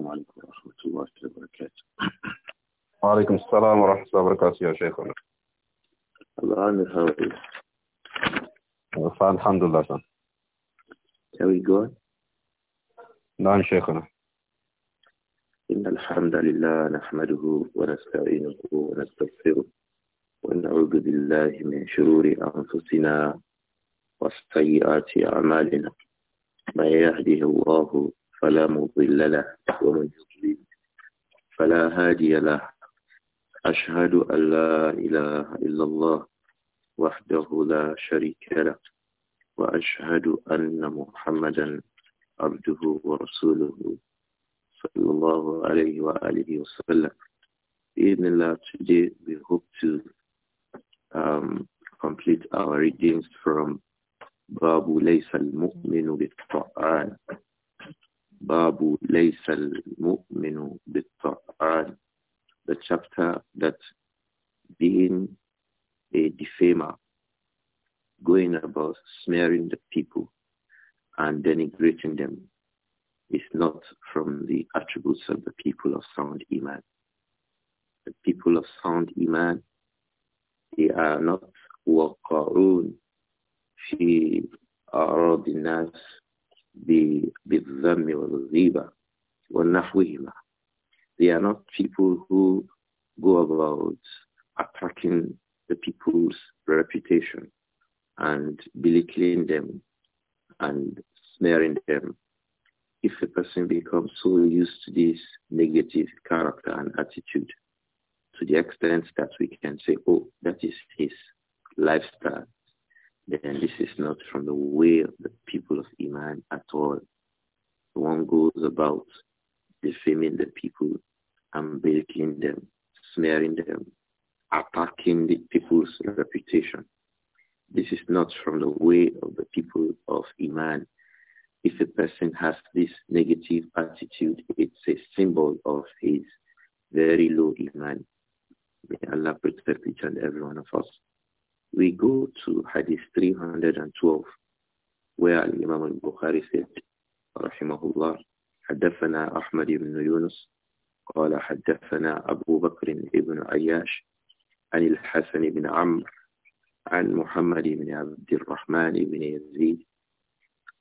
السلام عليكم ورحمة الله وبركاته وعليكم السلام ورحمة الله وبركاته يا شيخنا الآن الحمد Alhamdulillah sir. Can we go نعم شيخنا إن الحمد لله نحمده ونستعينه ونستغفره ونعوذ بالله من شرور أنفسنا وسيئات أعمالنا ما يهده الله فلا مضل له ومن يضلل فلا هادي له أشهد أن لا إله إلا الله وحده لا شريك له وأشهد أن محمدا عبده ورسوله صلى الله عليه وآله وسلم بإذن الله today we hope to um, complete our readings from باب ليس المؤمن بالطعان Babu Laysal Mu'minu Bittar'an, the chapter that being a defamer, going about smearing the people and denigrating them is not from the attributes of the people of sound Iman. The people of sound Iman, they are not waqa'un fi أعراض الناس بالذم or ونحوهما. They are not people who go about attacking the people's reputation and belittling them and snaring them. If a person becomes so used to this negative character and attitude to the extent that we can say, oh, that is his lifestyle, then this is not from the way of the people of Iman at all. One goes about defaming the people and bilking them, smearing them, attacking the people's reputation. This is not from the way of the people of Iman. If a person has this negative attitude, it's a symbol of his very low Iman. May Allah protect each and every one of us. We go to Hadith 312, where Imam al-Bukhari said, رحمه الله, حدثنا أحمد بن يونس قال حدثنا أبو بكر بن عياش عن الحسن بن عمرو عن محمد بن عبد الرحمن بن يزيد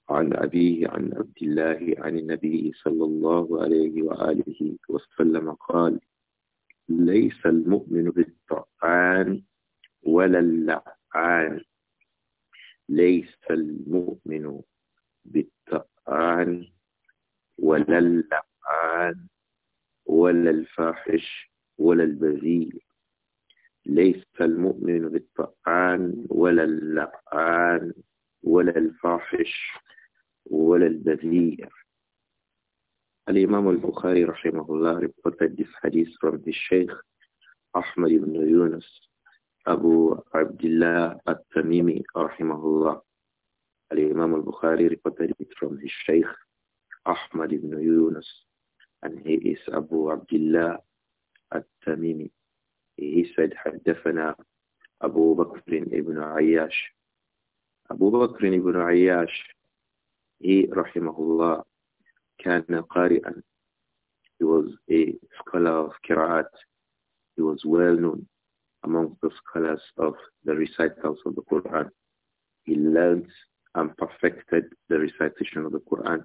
عن أبيه عن عبد الله عن النبي صلى الله عليه وآله وسلم قال ليس المؤمن بالطعان ولا اللعان ليس المؤمن بالطعان ولا اللعان ولا الفاحش ولا البذيء ليس المؤمن بالطعان ولا اللعان ولا الفاحش ولا البذيء الإمام البخاري رحمه الله reported الحديث hadith الشيخ احمد بن يونس Abu Abdullah al-Tamimi, rahimahullah. Al-Imam al-Bukhari reported it from his Shaykh Ahmad ibn Yunus. And he is Abu Abdullah al-Tamimi. He said, حدثنا Abu Bakr ibn Ayyash. Abu Bakr ibn Ayyash, he rahimahullah, كان قارئا. He was a scholar of Qira'at. He was well known amongst the scholars of the recitals of the Quran. He learned and perfected the recitation of the Quran.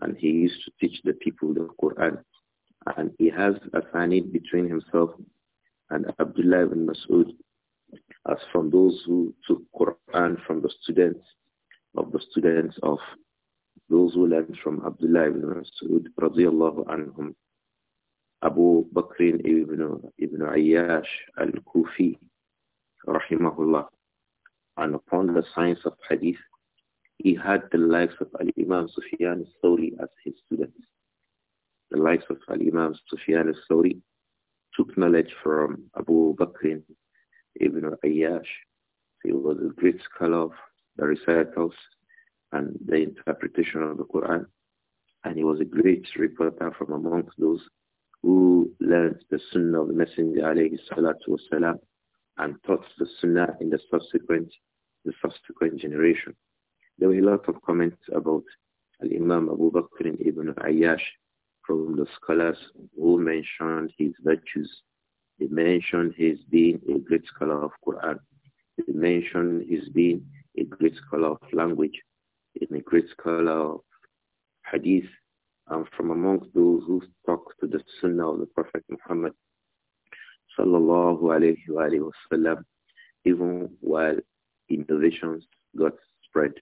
And he used to teach the people the Quran. And he has a sanid between himself and Abdullah ibn Mas'ud as from those who took Quran from the students of the students of those who learned from Abdullah ibn Mas'ud radiallahu anhum Abu Bakr ibn, ibn Ayyash al-Kufi, rahimahullah. And upon the science of hadith, he had the likes of Al-Imam Sufyan al-Thawri as his students. The likes of Al-Imam Sufyan al-Thawri took knowledge from Abu Bakr ibn Ayyash. He was a great scholar of the recitals and the interpretation of the Quran. And he was a great reporter from amongst those who learned the sunnah of the Messenger alayhi salatu wasalam and taught the sunnah in the subsequent, the subsequent generation. There were a lot of comments about Al-Imam Abu Bakr ibn Ayyash from the scholars who mentioned his virtues. They mentioned his being a great scholar of Quran. They mentioned his being a great scholar of language, a great scholar of hadith, and um, from amongst those who stuck to the sunnah of the Prophet Muhammad sallallahu alayhi wa alayhi wasallam, even while innovations got spread.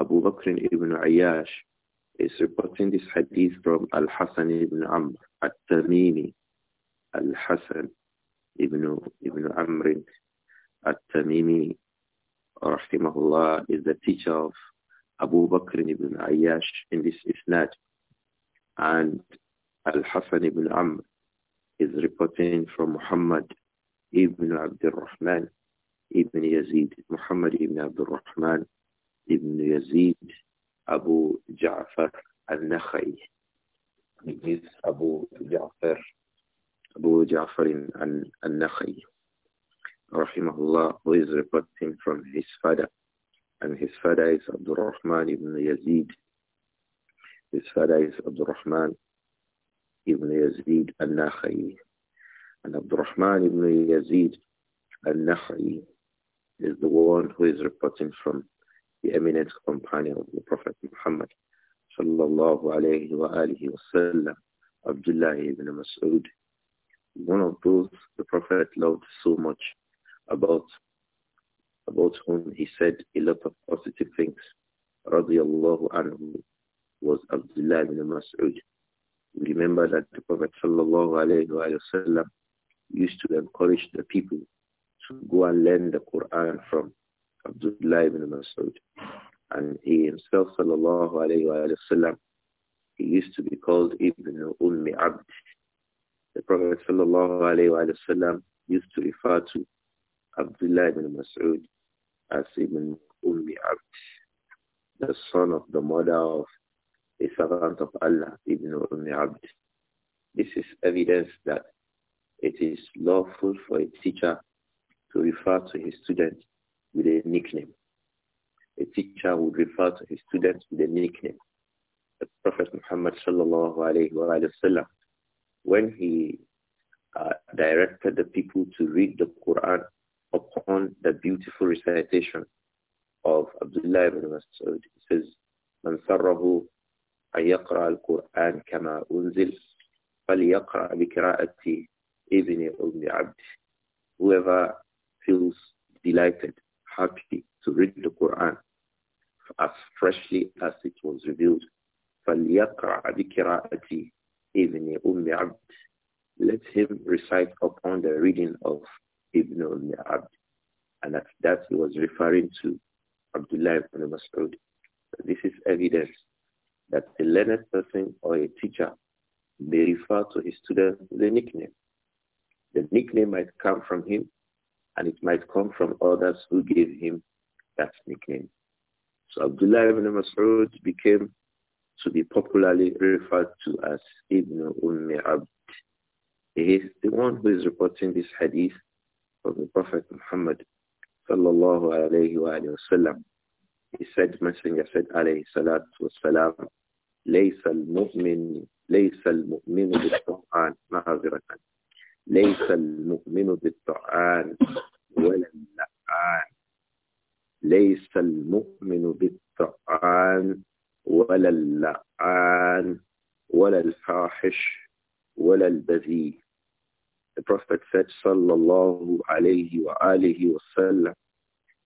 Abu Bakr ibn Ayyash is reporting this hadith from Al-Hasan ibn Amr at-Tamimi. Al-Hasan ibn, ibn Amr at-Tamimi rahimahullah is the teacher of Abu Bakr ibn Ayyash in this isnad. And al Hassan ibn Amr is reporting from Muhammad ibn Abdul Rahman ibn Yazid, Muhammad ibn Abdul Rahman ibn Yazid, Abu Ja'far al-Nakhai. It is Abu Ja'far, Abu Ja'far al-Nakhai, rahimahullah, who is reporting from his father. And his father is Abdul Rahman ibn Yazid his father Abdurrahman ibn Yazid al-Nakhai. And Abdurrahman ibn Yazid al-Nakhai is the one who is reporting from the eminent companion of the Prophet Muhammad sallallahu alayhi wa alihi wasallam, Abdullah ibn Mas'ud. One of those the Prophet loved so much about about whom he said a lot of positive things, الله عنه was Abdullah ibn Mas'ud. Remember that the Prophet sallallahu used to encourage the people to go and learn the Quran from Abdullah ibn Mas'ud. And he himself, sallallahu alayhi wasallam, he used to be called Ibn Ummi Abd. The Prophet sallallahu alayhi wasallam used to refer to Abdullah ibn Mas'ud as Ibn Ummi Abd, the son of the mother of a servant of Allah, Ibn Umm Abd. This is evidence that it is lawful for a teacher to refer to his student with a nickname. A teacher would refer to his student with a nickname. The Prophet Muhammad sallallahu alayhi wa sallam, when he uh, directed the people to read the Quran upon the beautiful recitation of Abdullah ibn Mas'ud, he says, أن يقرأ القرآن كما أنزل فليقرأ بقراءة ابن أم عبد whoever feels delighted, happy to read the Quran as freshly as it was revealed فليقرأ بقراءة ابن أم عبد let him recite upon the reading of Ibn Umm Abd. And at that he was referring to Abdullah ibn Mas'ud. This is evidence that a learned person or a teacher may refer to his student with a nickname. The nickname might come from him and it might come from others who gave him that nickname. So Abdullah ibn Mas'ud became to be popularly referred to as Ibn Umm Abd. He is the one who is reporting this hadith from the Prophet Muhammad sallallahu alayhi wa sallam. He said, Messenger said alayhi salatu wa salam, ليس المؤمن ليس المؤمن بالطعان معذرة ليس المؤمن بالطعان ولا اللعان ليس المؤمن بالطعان ولا اللعان ولا الفاحش ولا البذيء The Prophet said صلى الله عليه وآله وسلم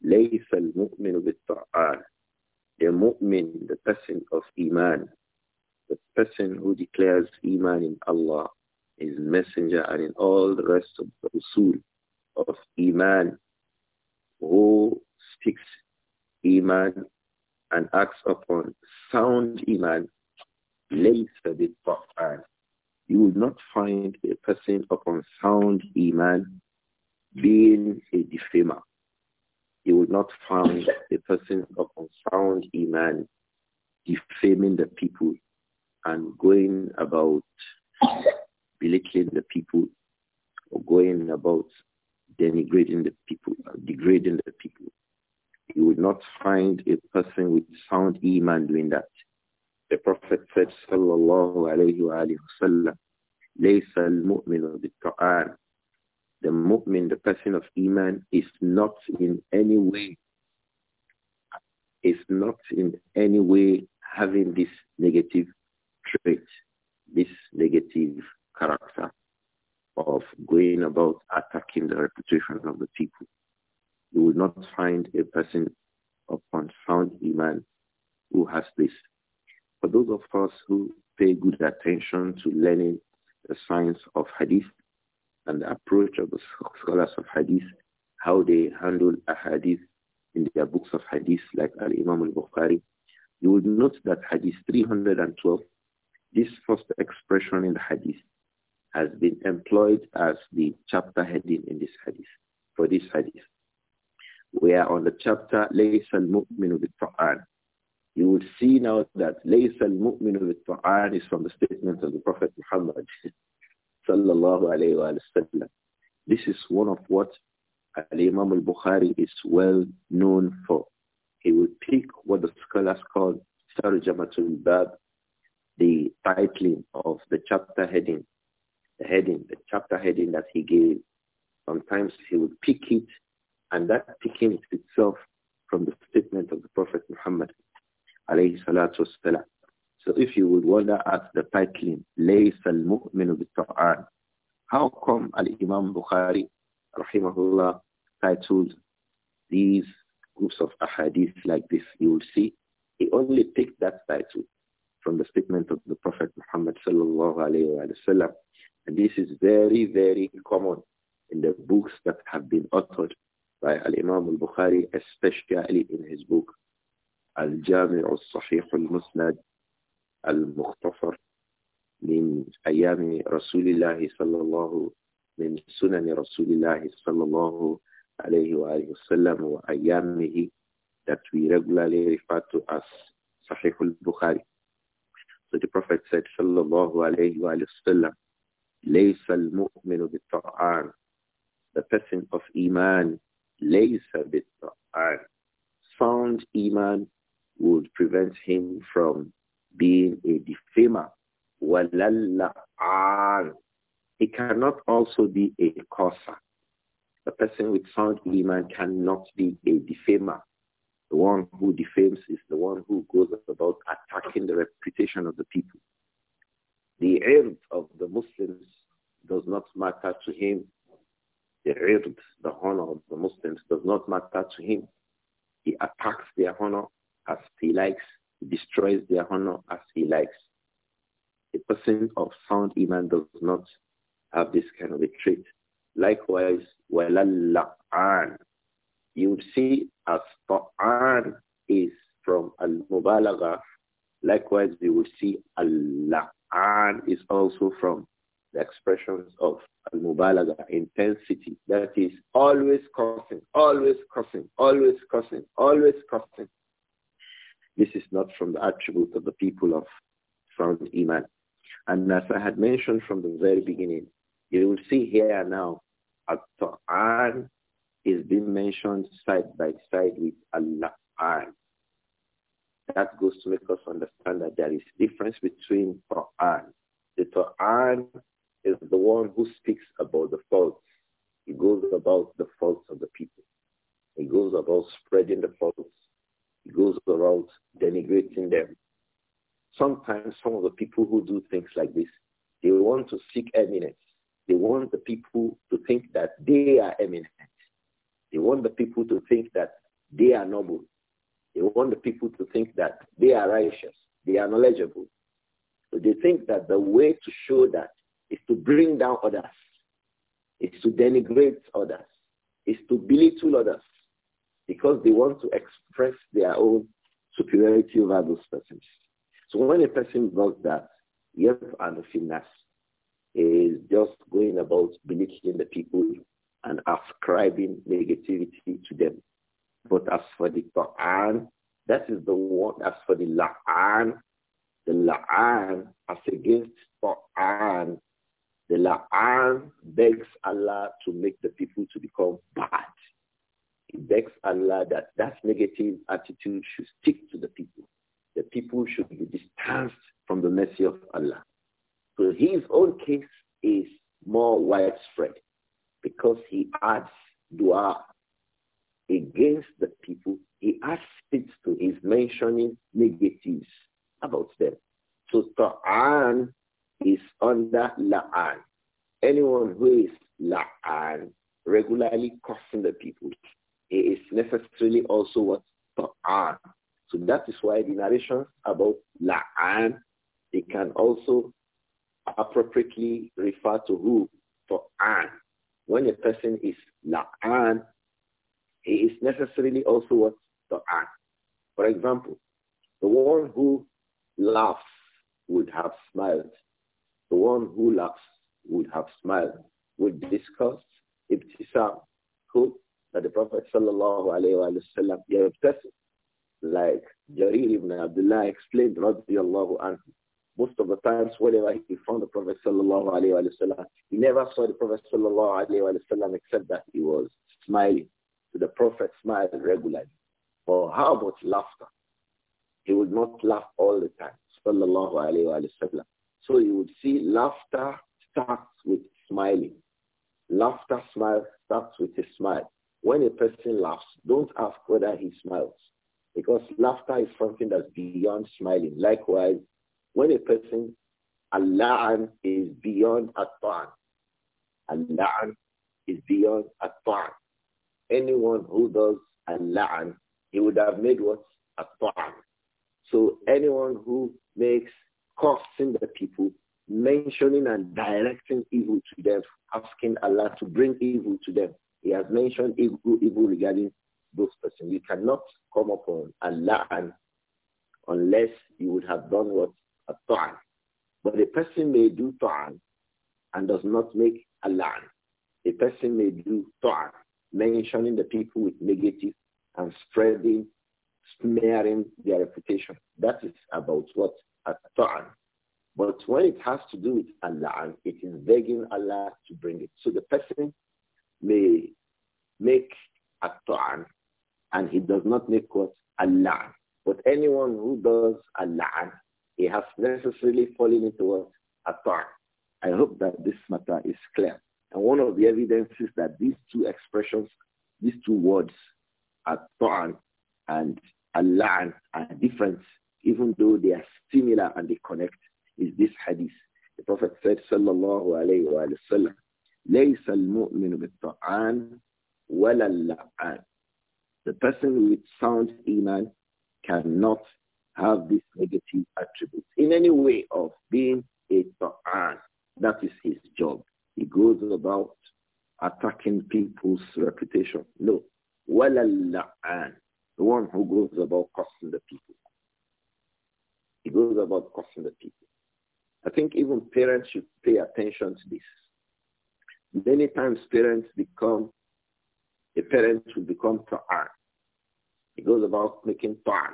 ليس المؤمن بالطعان The mu'min, the person of iman the person who declares Iman in Allah, His Messenger, and in all the rest of the usul of Iman, who speaks Iman and acts upon sound Iman, later the Quran, you will not find a person upon sound Iman being a defamer. You will not find a person upon sound Iman defaming the people and going about belittling the people or going about denigrating the people, degrading the people. You would not find a person with sound iman doing that. The Prophet said, Sallallahu alayhi wa alayhi wa sallam, لَيْسَ الْمُؤْمِنُ بِالْقَرْآنِ The mu'min, the person of iman, is not in any way, is not in any way having this negative this negative character of going about attacking the reputation of the people. You will not find a person of sound iman who has this. For those of us who pay good attention to learning the science of hadith and the approach of the scholars of hadith, how they handle a hadith in their books of hadith like Al-Imam al-Bukhari, you will note that hadith 312 this first expression in the hadith has been employed as the chapter heading in this hadith, for this hadith. We are on the chapter of the Quran. You will see now that of the Quran is from the statement of the Prophet Muhammad sallallahu This is one of what Al-Imam al-Bukhari is well known for. He will pick what the scholars call Tarjamatul Bab the titling of the chapter heading, the heading, the chapter heading that he gave. Sometimes he would pick it, and that picking itself from the statement of the Prophet Muhammad, alayhi salatu wasalam. So if you would wonder at the titling, لَيْسَ الْمُؤْمِنُ بِالْقُرْآنِ How come Al-Imam Bukhari, rahimahullah, titled these groups of ahadith like this? You will see he only picked that title from the statement of the Prophet Muhammad sallallahu alayhi wa And this is very, very common in the books that have been authored by Al-Imam al-Bukhari, especially in his book Al-Jami' al-Sahih al-Musnad al-Mukhtasar من أيام رسول الله صلى الله من سنن رسول الله صلى الله عليه وآله وسلم that we regularly refer to as Sahih al-Bukhari. So the Prophet said, Sallallahu alayhi wa sallam, لَيْسَ الْمُؤْمِنُ بِالطَّعَانِ The person of Iman, لَيْسَ بِالطَّعَانِ Sound Iman would prevent him from being a defamer. وَلَلَّعَانِ He cannot also be a causer. A person with sound Iman cannot be a defamer the one who defames is the one who goes about attacking the reputation of the people. The ird of the Muslims does not matter to him. The ird, the honor of the Muslims, does not matter to him. He attacks their honor as he likes, he destroys their honor as he likes. A person of sound iman does not have this kind of a trait. Likewise, an you would see as ta'an is from al-mubalagha. Likewise, we would see al-la'an is also from the expressions of al-mubalagha, intensity. That is always cursing, always cursing, always cursing, always cursing. This is not from the attribute of the people of sound iman. And as I had mentioned from the very beginning, you will see here now, at-ta'an is being mentioned side by side with Allah. That goes to make us understand that there is difference between Quran. The Quran is the one who speaks about the faults. He goes about the faults of the people. He goes about spreading the faults. He goes about denigrating them. Sometimes some of the people who do things like this, they want to seek eminence. They want the people to think that they are eminent. They want the people to think that they are noble. They want the people to think that they are righteous. They are knowledgeable. So they think that the way to show that is to bring down others, is to denigrate others, is to belittle others, because they want to express their own superiority over those persons. So when a person does that, have and finesse is just going about belittling the people and ascribing negativity to them. But as for the Quran, that is the one, as for the La'an, the La'an as against Quran, the La'an begs Allah to make the people to become bad. He begs Allah that that negative attitude should stick to the people. The people should be distanced from the mercy of Allah. So his own case is more widespread because he adds dua against the people. He adds it to his mentioning negatives about them. So ta'an is under la'an. Anyone who is la'an, regularly cursing the people, is necessarily also what ta'an. So that is why the narrations about la'an, they can also appropriately refer to who? Ta'an. When a person is la'an, he is necessarily also what? Ta'an. For example, the one who laughs would have smiled. The one who laughs would have smiled. Would discuss ibtisam, who that the Prophet sallallahu alayhi wa gave a person. Like Jarir ibn Abdullah explained, radiallahu anhu, most of the times whenever he found the Prophet sallallahu alaihi wasallam, he never saw the Prophet sallallahu alaihi wasallam except that he was smiling. So the Prophet smiled regularly. Or how about laughter? He would not laugh all the time, sallallahu alaihi wasallam. So you would see laughter starts with smiling. Laughter smile starts with a smile. When a person laughs, don't ask whether he smiles because laughter is something that's beyond smiling. Likewise, when a person, Allah'an is beyond attaan, taan is beyond attaan. Anyone who does Allah'an, he would have made what? attaan. So anyone who makes cursing the people, mentioning and directing evil to them, asking Allah to bring evil to them. He has mentioned evil, evil regarding those persons. You cannot come upon Allah unless you would have done what a ta'an. But a person may do ta'an and does not make a lan. A person may do ta'an, mentioning the people with negative and spreading, smearing their reputation. That is about what a ta'an. But when it has to do with Allah, it is begging Allah to bring it. So the person may make a ta'an and he does not make what? Allah. But anyone who does Allah he has necessarily fallen into a Atar. I hope that this matter is clear. And one of the evidences that these two expressions, these two words, atar and al-lan, are different, even though they are similar and they connect, is this hadith. The Prophet said, Sallallahu alayhi wa sallam, لَيْسَ الْمُؤْمِنُ بِالطَّعَانِ وَلَا اللَّعَانِ The person with sound iman cannot have these negative attributes in any way of being a ta'an. That is his job. He goes about attacking people's reputation. No. Walala'an. The one who goes about cursing the people. He goes about cursing the people. I think even parents should pay attention to this. Many times parents become, a parent who become ta'an. He goes about making ta'an.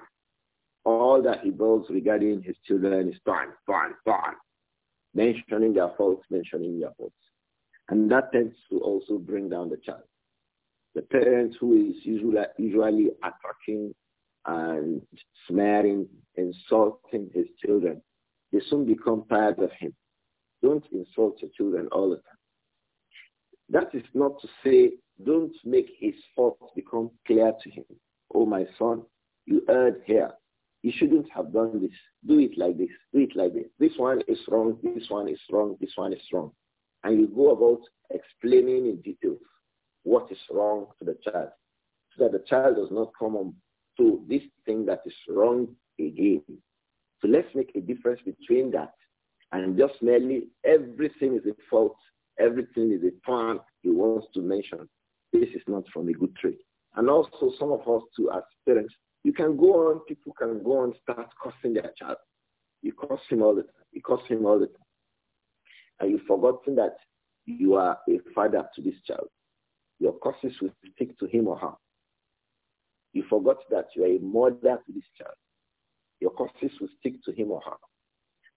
All that he does regarding his children is fine, fine, fine. Mentioning their faults, mentioning their faults. And that tends to also bring down the child. The parents who is usually, usually attacking and smearing, insulting his children, they soon become tired of him. Don't insult your children all the time. That is not to say don't make his faults become clear to him. Oh, my son, you erred here. You shouldn't have done this. Do it like this. Do it like this. This one is wrong. This one is wrong. This one is wrong. And you go about explaining in detail what is wrong to the child so that the child does not come on to this thing that is wrong again. So let's make a difference between that and just merely everything is a fault, everything is a plan he wants to mention. This is not from a good tree. And also some of us too as parents, you can go on, people can go on, start cursing their child. You curse him all the time. You curse him all the time. And you've forgotten that you are a father to this child. Your curses will stick to him or her. You forgot that you are a mother to this child. Your curses will stick to him or her.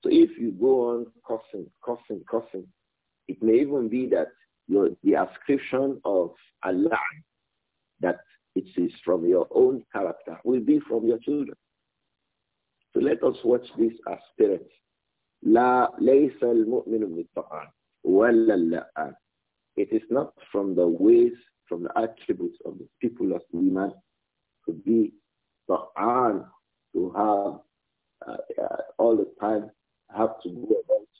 So if you go on cursing, cursing, cursing, it may even be that your, the ascription of Allah that it is from your own character, will be from your children. So let us watch this as la لا ليس المؤمن بالطعام ولا اللآن. It is not from the ways, from the attributes of the people of Iman to be ta'an to have uh, uh, all the time have to go about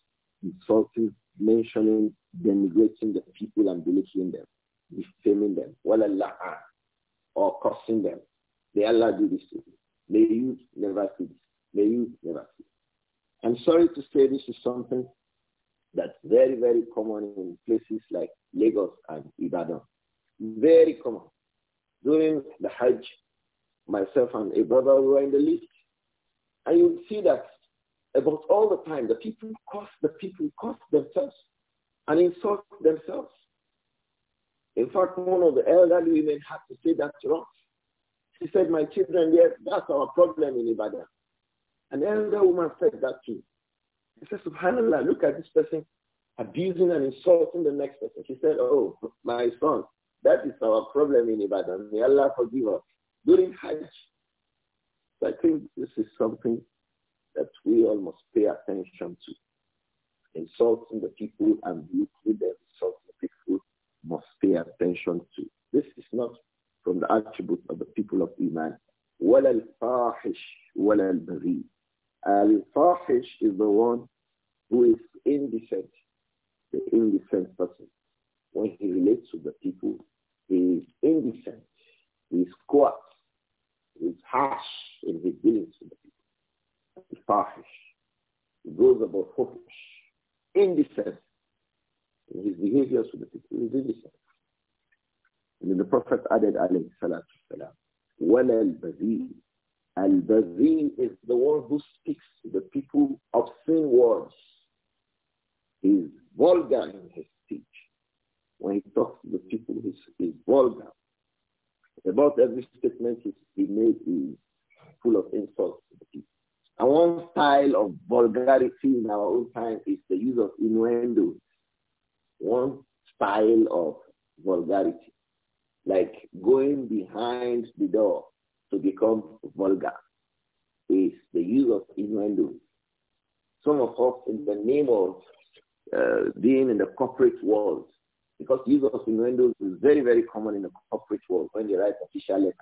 insulting, mentioning, denigrating the people and belittling them, defaming them. ولا اللآن or cursing them. May Allah do this to you. May you never see this. May you never see. I'm sorry to say this is something that's very, very common in places like Lagos and Ibadan. Very common. During the Hajj, myself and a brother were in the list. And you see that about all the time, the people curse the people, curse themselves and insult themselves. In fact, one of the elderly women had to say that to us. She said, my children, yes, that's our problem in Ibadan. An elder woman said that too. She said, subhanAllah, look at this person abusing and insulting the next person. She said, oh, my son, that is our problem in Ibadan. May Allah forgive us. During Hajj, so I think this is something that we all must pay attention to. Insulting the people and belittling them, insulting must pay attention to. This is not from the attributes of the people of Iman. Wal الْبَغِي Al-Fahish is the one who is indecent, the indecent person. When he relates to the people, he is indecent, he is coarse, he is harsh in his dealings with the people. Al-Fahish. He goes about foolish, indecent, in his behaviors with the people, he did the And then the Prophet added, alayhi salatu salam, al-bazi. Al-bazi is the one who speaks to the people obscene words. He's vulgar in his speech. When he talks to the people, he's, he's vulgar. About every statement he, made is full of insults to the people. And one style of vulgarity in our own time is the use of innuendo one style of vulgarity, like going behind the door to become vulgar, is the use of innuendo. Some of us, in the name of uh, being in the corporate world, because use of innuendo is very, very common in the corporate world when they write official letters,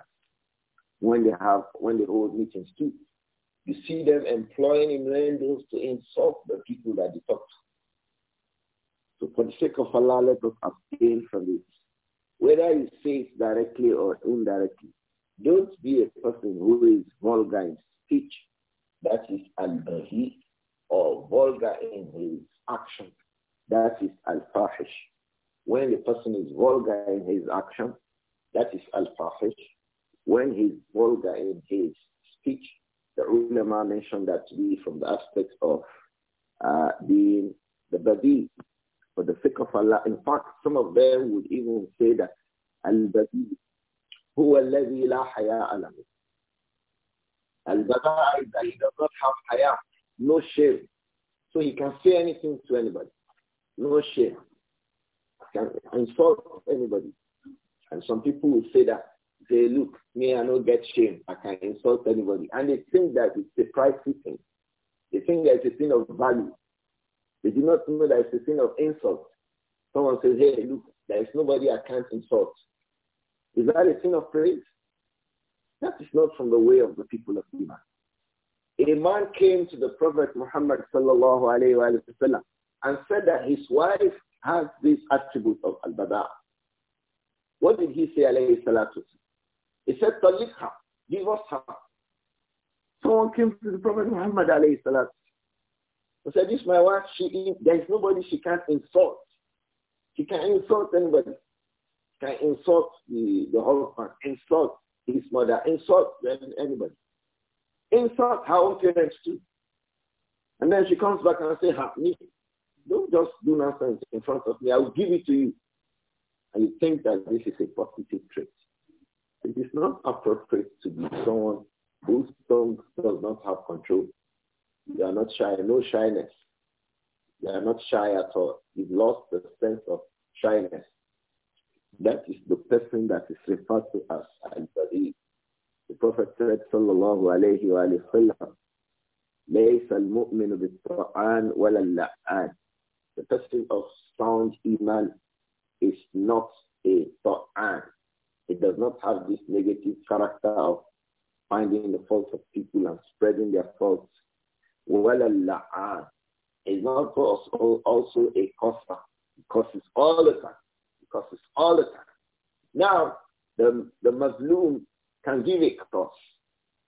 when they have, when they hold meetings too. You see them employing innuendos to insult the people that they talk to. So for the sake of Allah, let us abstain from it. Whether you say it directly or indirectly, don't be a person who is vulgar in speech, that is al-bahi, or vulgar in his action, that is al-fahish. When the person is vulgar in his action, that is al-fahish. When he is vulgar in his speech, the ulama mentioned that to be from the aspect of uh, being the badi, for the sake of Allah. In fact, some of them would even say that Al-Badi huwa alladhi la haya alam. Al-Bada that he does not have haya, no shame. So he can say anything to anybody. No shame. Can insult anybody. And some people will say that they look, me I don't get shame. I can insult anybody. And they think that it's a pricey thing. They think that it's a thing of value. They do not know that it's a sin of insult. Someone says, hey, look, there is nobody I can't insult. Is that a sin of praise? That is not from the way of the people of Iman. A man came to the Prophet Muhammad sallallahu alayhi wa, and said that his wife has this attribute of al-bada. What did he say alayhi salatu? He said, Talikha, divorce her. Someone came to the Prophet Muhammad alayhi salatu I said, this my wife, she, there is nobody she can insult. She can insult anybody. She can insult the, the husband, insult his mother, insult anybody. Insult her own parents too. And then she comes back and says, "Have me. Don't just do nonsense in front of me. I will give it to you. And you think that this is a positive trait. It is not appropriate to be someone whose tongue does not have control you are not shy, no shyness. You are not shy at all. You've lost the sense of shyness. That is the person that is referred to as Al-Badi. The Prophet said, sallallahu alayhi wa sallam, لَيْسَ الْمُؤْمِنُ بِالطَّعَانِ وَلَا اللَّعَانِ The person of sound iman is not a ta'an. It does not have this negative character of finding the faults of people and spreading their faults Walallah is not also, also a cost Because it's all the time. Because it's all the time. Now, the, the Muslim can give a cost.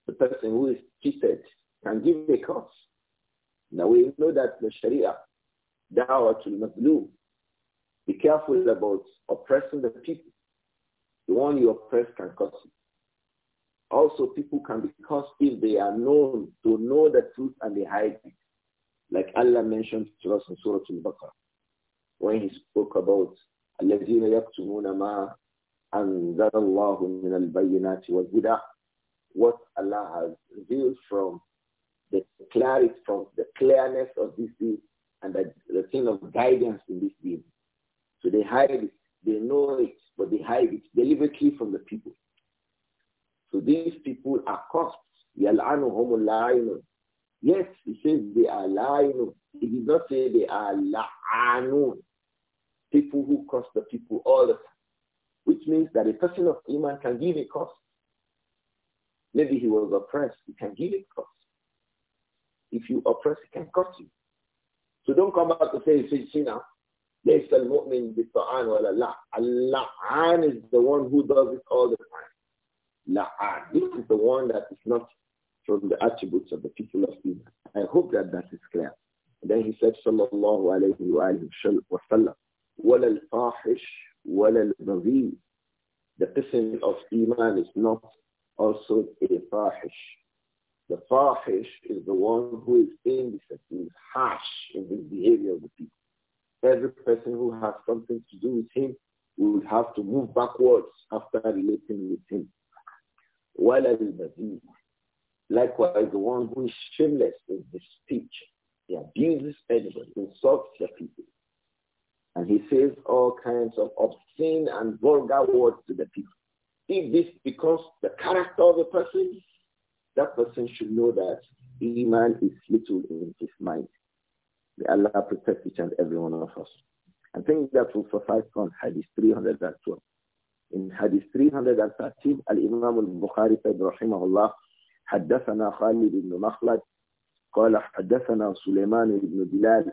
The person who is cheated can give a cost. Now we know that the Sharia, da'wah to Muslim, be careful about oppressing the people. The one you oppress can cost. you. Also, people can be cursed if they are known to know the truth and they hide it. Like Allah mentioned to us in Surah Al-Baqarah when he spoke about الذين يكتمون ما أنزل الله من البينات والهدى what Allah has revealed from the clarity, from the clearness of this deed and the, the thing of guidance in this deed. So they hide it, they know it, but they hide it deliberately from the people. So these people are cursed. يَلْعَنُهُمُ اللَّعِنُ Yes, he says they are lying. He did not say they are la'anun. People who curse the people all the time. Which means that a person of Iman can give a curse. Maybe he was oppressed. He can give a curse. If you oppress, he can curse you. So don't come back to say, see, see now, ليس المؤمن بالطعان ولا لا. Allah is the one who does it all the time la'an. This is the one that is not from the attributes of the people of Iman. I hope that that is clear. And then he said, sallallahu alayhi wa alayhi wa al-fahish, الْفَاحِشْ al The person of Iman is not also a fahish. The fahish is the one who is indecent, who is harsh in his behavior of the people. Every person who has something to do with him will have to move backwards after relating with him. وَلَا الْبَذِيرُ Likewise, the one who is shameless in his speech, he abuses anybody, insults the people. And he says all kinds of obscene and vulgar words to the people. If this becomes the character of a person, that person should know that Iman is little in his mind. May Allah protect each and every one of us. I think that will suffice on Hadith 312. In Hadith 313, Al-Imam al-Bukhari said, Rahimahullah, حدثنا خالد بن مخلد قال حدثنا سليمان بن بلال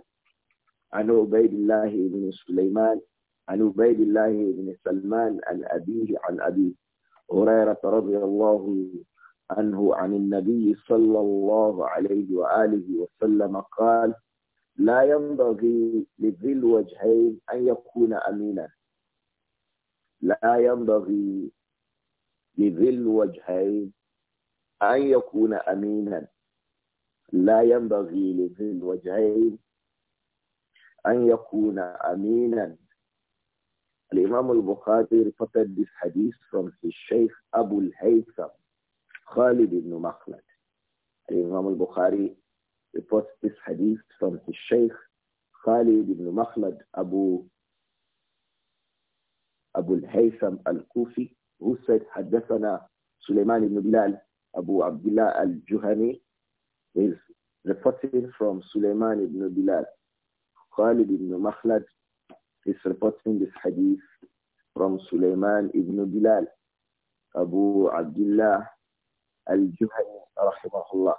عن عبيد الله بن سليمان عن عبيد الله بن سلمان عن أبيه عن أبي هريرة رضي الله عنه عن النبي صلى الله عليه وآله وسلم قال لا ينبغي لذي الوجهين أن يكون أمينا لا ينبغي لذي الوجهين أن يكون أمينا لا ينبغي لذي الوجهين أن يكون أمينا الإمام البخاري رفضت this hadith from الشيخ أبو الهيثم خالد بن مخلد الإمام البخاري رفضت this hadith from الشيخ خالد بن مخلد أبو Abu al-Haytham al-Kufi, who said, Haddathana Sulaiman ibn Bilal, Abu Abdullah al-Juhani, is reporting from Sulaiman ibn Bilal. Khalid ibn Makhlad is reporting this hadith from Sulaiman ibn Bilal, Abu Abdullah al-Juhani, rahimahullah.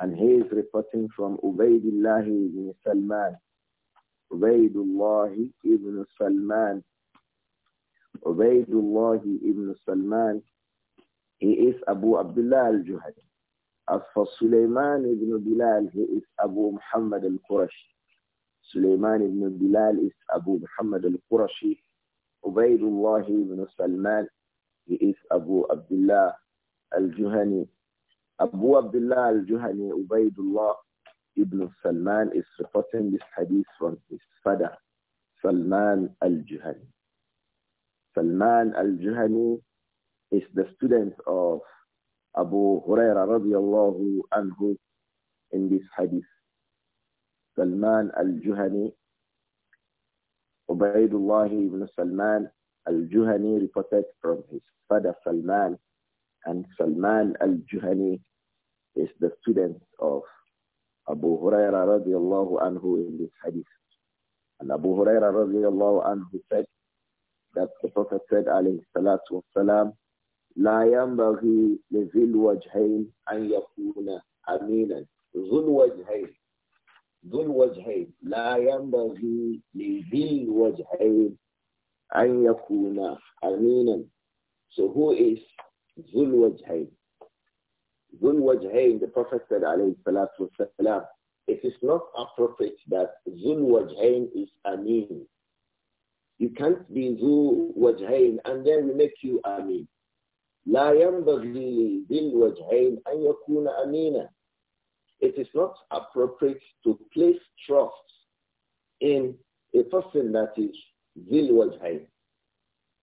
And he is reporting from Ubaidullah ibn Salman, Ubaidullah ibn Salman, Ubaidullah ibn Salman, he is Abu Abdullah al-Juhani. As for Sulaiman ibn Bilal, he is Abu Muhammad al-Qurashi. Sulaiman ibn Bilal is Abu Muhammad al-Qurashi. Ubaidullah ibn Salman, he is Abu Abdullah al-Juhani. Abu Abdullah al-Juhani, Ubaidullah ibn Salman is reporting this hadith from his father, Salman al-Juhani. Salman al-Juhani is the student of Abu Huraira radiallahu anhu in this hadith. Salman al-Juhani, Ubaidullah ibn Salman al-Juhani reported from his father Salman and Salman al-Juhani is the student of Abu Huraira radiallahu anhu in this hadith. And Abu Huraira radiallahu anhu said, that the Prophet said, "Ali salatu wassalam, la yambaghi li zil wajhain an yakuna aminan. Zul wajhain. Zul wajhain. La yambaghi li So who is Zul wajhain? the Prophet said, "Ali salatu wassalam, it is not appropriate that Zul wajhain is aminan. You can't be Zu Wajhain and then we make you Amin. لا ينبغي للوجهين أن يكون أمينا. It is not appropriate to place trust in a person that is ذي وجهين.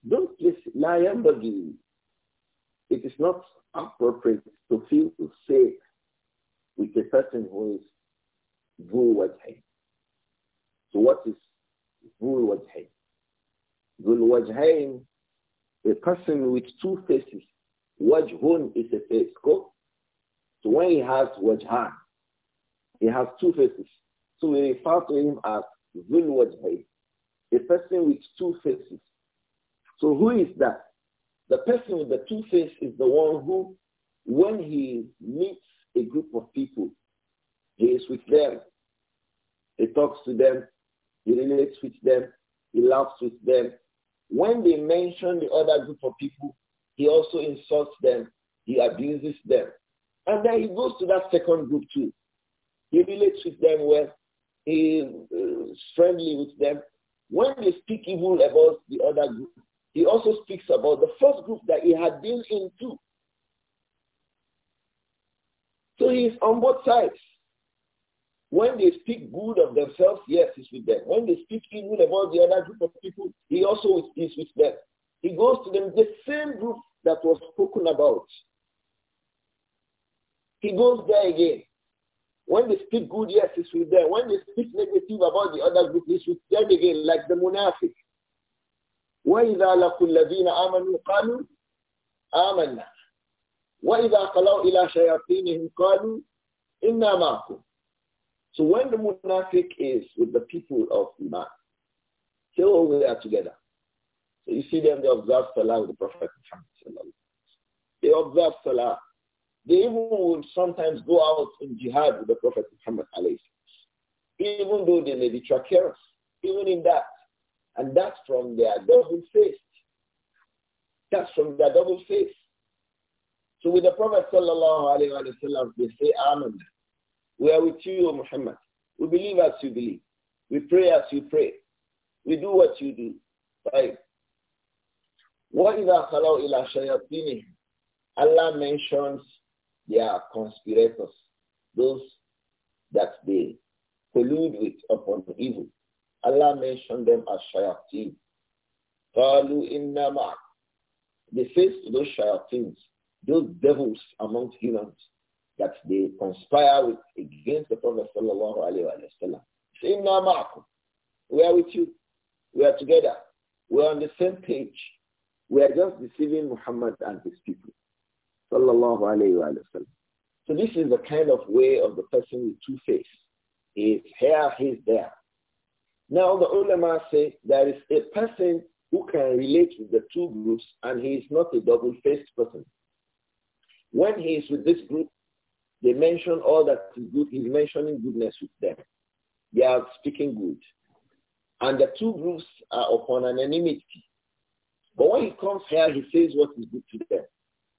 Don't place لا ينبغي. It is not appropriate to feel safe with a person who is ذو وجهين. So what is ذو وجهين? Zulwajhain, a person with two faces. Wajhun is a face. Go. So when he has wajhan, he has two faces. So we refer to him as Zulwajhain, a person with two faces. So who is that? The person with the two faces is the one who, when he meets a group of people, he is with them. He talks to them. He relates with them. He laughs with them. When they mention the other group of people, he also insults them. He abuses them. And then he goes to that second group too. He relates with them well. He is friendly with them. When they speak evil about the other group, he also speaks about the first group that he had been in too. So he's on both sides. When they speak good of themselves, yes, he's with them. When they speak evil about the other group of people, he also is with them. He goes to them, the same group that was spoken about. He goes there again. When they speak good, yes, he's with them. When they speak negative about the other group, he's with them again, like the munafiq. وَإِذَا لَقُوا الَّذِينَ آمَنُوا قَالُوا آمَنَّا وَإِذَا خَلَوْا إِلَى شَيَاطِينِهِمْ قَالُوا إِنَّا مَعَكُمْ so when the munafiq is with the people of Iman, they they are together. So you see them, they observe Salah with the Prophet Muhammad. They observe Salah. They even will sometimes go out in jihad with the Prophet Muhammad even though they may be traqueous, even in that. And that's from their double face. That's from their double face. So with the Prophet sallallahu alayhi wasallam, they say Amen. We are with you, O Muhammad. We believe as you believe. We pray as you pray. We do what you do. Right? وَإِذَا خَلَوْا إِلَى شَيَاطِينِهِمْ Allah mentions their conspirators, those that they collude with upon evil. Allah mentioned them as shayateen. They face those shayateens, those devils among humans that they conspire with, against the Prophet sallallahu alayhi wa sallam. we are with you. We are together. We are on the same page. We are just deceiving Muhammad and his people. Sallallahu So this is the kind of way of the person with two faces. He's here, he's there. Now the ulama say there is a person who can relate with the two groups and he is not a double-faced person. When he is with this group, they mention all that is good. He's mentioning goodness with them. They are speaking good. And the two groups are upon an enmity. But when he comes here, he says what is good to them.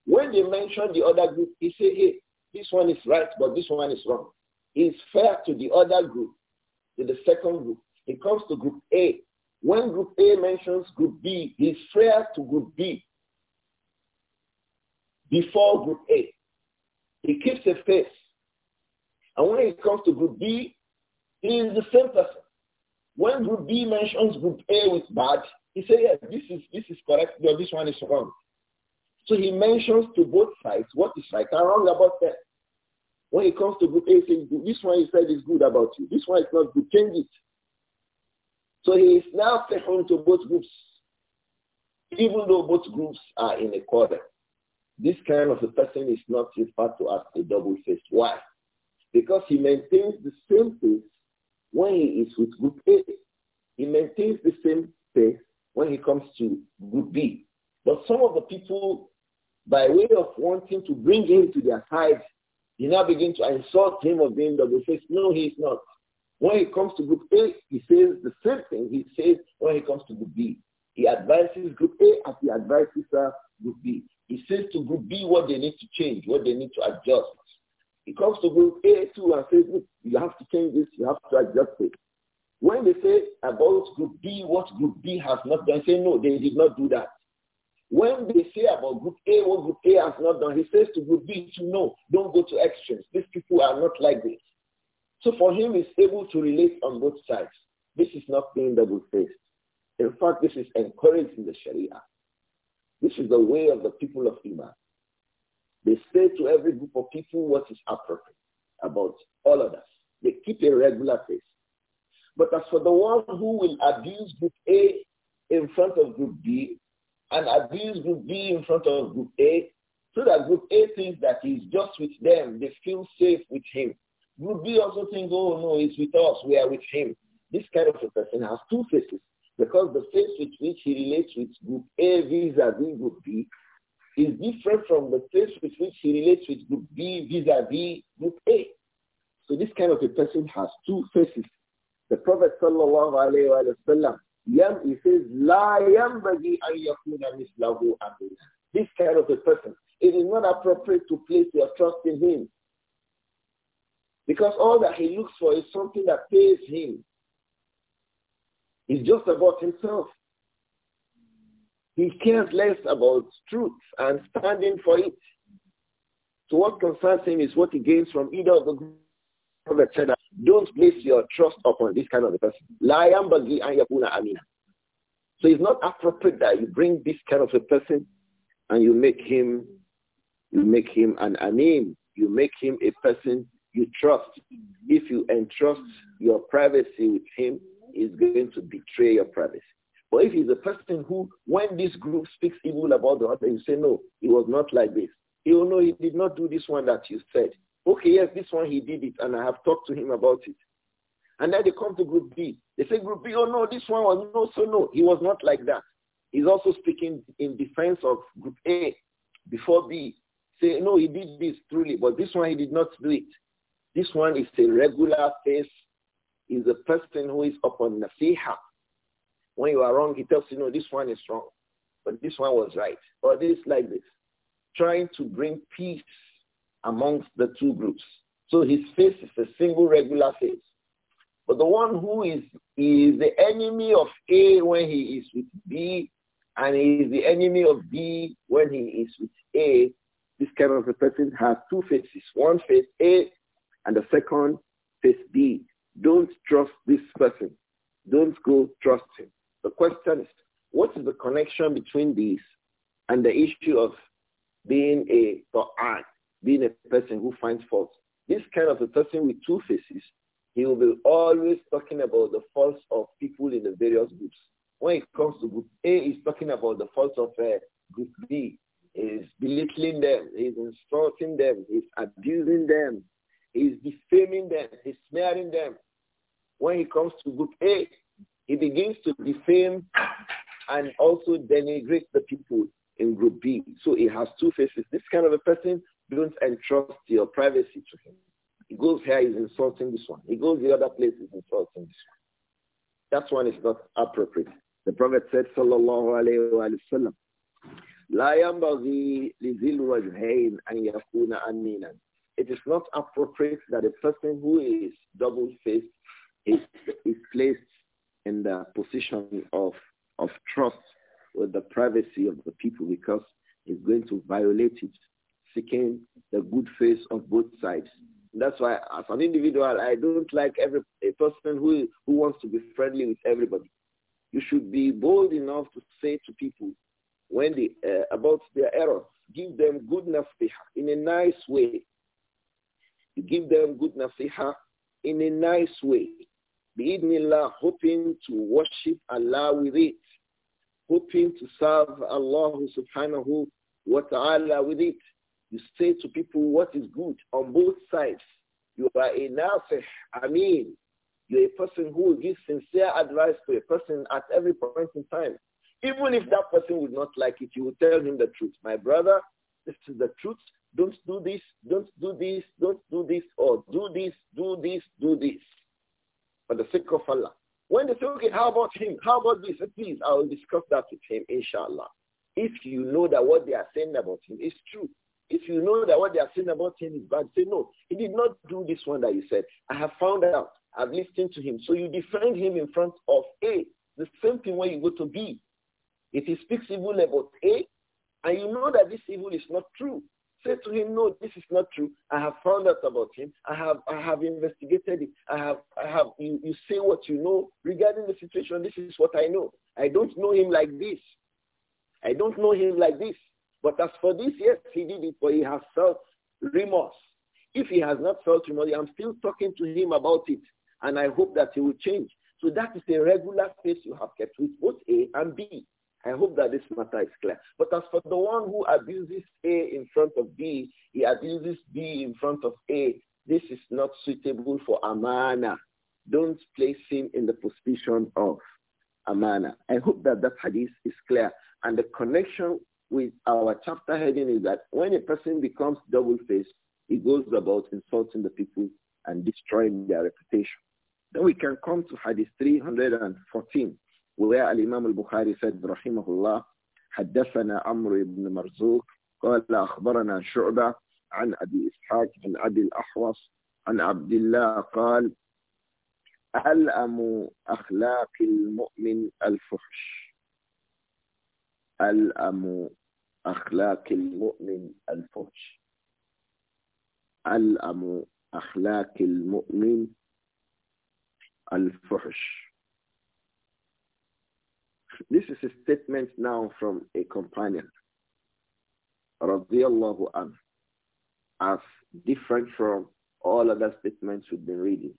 When they mention the other group, he says, hey, this one is right, but this one is wrong. is fair to the other group, to the second group. He comes to group A. When group A mentions group B, he's fair to group B before group A. He keeps a face. And when it comes to group B, he is the same person. When group B mentions group A with bad, he says, yes, this is, this is correct, but this one is wrong. So he mentions to both sides what is right and wrong about them. When it comes to group A, he says, this one he said is good about you. This one is not good. Change it. So he is now faithful to both groups, even though both groups are in a corner. This kind of a person is not referred to as a double-faced. Why? Because he maintains the same pace when he is with group A. He maintains the same pace when he comes to group B. But some of the people, by way of wanting to bring him to their side, they now begin to insult him of being double-faced. No, he is not. When he comes to group A, he says the same thing he says when he comes to group B. He advises group A as he advises uh, group B. He says to group B what they need to change, what they need to adjust. He comes to group A2 and says, look, you have to change this, you have to adjust it. When they say about group B, what group B has not done, say no, they did not do that. When they say about group A, what group A has not done, he says to group B to no, don't go to extremes. These people are not like this. So for him, he's able to relate on both sides. This is not being double-faced. In fact, this is encouraged in the Sharia. This is the way of the people of Iman. They say to every group of people what is appropriate about all of us. They keep a regular pace. But as for the one who will abuse group A in front of group B and abuse group B in front of group A, so that group A thinks that he's just with them, they feel safe with him. Group B also thinks, oh no, he's with us, we are with him. This kind of a person has two faces. Because the face with which he relates with group A vis-a-vis group B is different from the face with which he relates with group B vis-a-vis group A. So this kind of a person has two faces. The Prophet sallallahu alayhi wa sallam, yam, he says, la yambagi an yakuna mislahu This kind of a person, it is not appropriate to place your trust in him. Because all that he looks for is something that pays him. It's just about himself. He cares less about truth and standing for it. So what concerns him is what he gains from either of the group. don't place your trust upon this kind of a person. So it's not appropriate that you bring this kind of a person and you make him you make him an anim, You make him a person you trust. If you entrust your privacy with him, is going to betray your privacy. But if he's a person who, when this group speaks evil about the other, you say, no, it was not like this. He will know he did not do this one that you said. Okay, yes, this one he did it, and I have talked to him about it. And then they come to group B. They say, group B, oh no, this one was no, so no, he was not like that. He's also speaking in defense of group A before B. Say, no, he did this truly, but this one he did not do it. This one is a regular face is a person who is upon nasiha. When you are wrong, he tells you, no, this one is wrong, but this one was right, or this like this. Trying to bring peace amongst the two groups. So his face is a single regular face. But the one who is, is the enemy of A when he is with B, and he is the enemy of B when he is with A, this kind of a person has two faces. One face A and the second face B. Don't trust this person. Don't go trust him. The question is, what is the connection between these and the issue of being a Quran, being a person who finds fault? This kind of a person with two faces, he will be always talking about the faults of people in the various groups. When it comes to group A, he's talking about the faults of uh, group B. He's belittling them. He's insulting them. He's abusing them. He's defaming them. He's smearing them. When he comes to group A, he begins to defame and also denigrate the people in group B. So he has two faces. This kind of a person, don't entrust your privacy to him. He goes here, he's insulting this one. He goes the other place, he's insulting this one. That one is not appropriate. The Prophet said, Sallallahu Alaihi Wasallam, لا ينبغي لذي الوجهين أن يكون أمينا. It is not appropriate that a person who is double-faced is, is placed in the position of, of trust with the privacy of the people because it's going to violate it, seeking the good face of both sides. That's why as an individual, I don't like every a person who, who wants to be friendly with everybody. You should be bold enough to say to people when they, uh, about their errors, give them good nasiha in a nice way. You give them good nasiha in a nice way. Bi'idnillah, hoping to worship Allah with it, hoping to serve Allah subhanahu wa ta'ala with it. You say to people what is good on both sides. You are a I mean, You're a person who will give sincere advice to a person at every point in time. Even if that person would not like it, you will tell him the truth. My brother, this is the truth. Don't do this, don't do this, don't do this, or do this, do this, do this for the sake of Allah. When they say, okay, how about him? How about this? Please, I will discuss that with him, inshallah. If you know that what they are saying about him is true, if you know that what they are saying about him is bad, say, no, he did not do this one that you said. I have found out. I've listened to him. So you defend him in front of A. The same thing when you go to B. If he speaks evil about A, and you know that this evil is not true, Say to him, no, this is not true. I have found out about him. I have, I have investigated it. I have, I have, you, you say what you know regarding the situation. This is what I know. I don't know him like this. I don't know him like this. But as for this, yes, he did it, but he has felt remorse. If he has not felt remorse, I'm still talking to him about it. And I hope that he will change. So that is a regular face you have kept with both A and B. I hope that this matter is clear. But as for the one who abuses A in front of B, he abuses B in front of A, this is not suitable for Amana. Don't place him in the position of Amana. I hope that that hadith is clear. And the connection with our chapter heading is that when a person becomes double-faced, he goes about insulting the people and destroying their reputation. Then we can come to hadith 314. ويا الامام البخاري bukhari رحمه الله حدثنا عمرو بن مرزوق قال أخبرنا شعبة عن أبي إسحاق عن أبي الأحوص عن عبد الله قال ألأم أخلاق المؤمن الفحش ألأم أخلاق المؤمن الفحش ألأم أخلاق المؤمن الفحش This is a statement now from a companion, radiallahu anhu, as different from all other statements we've been reading.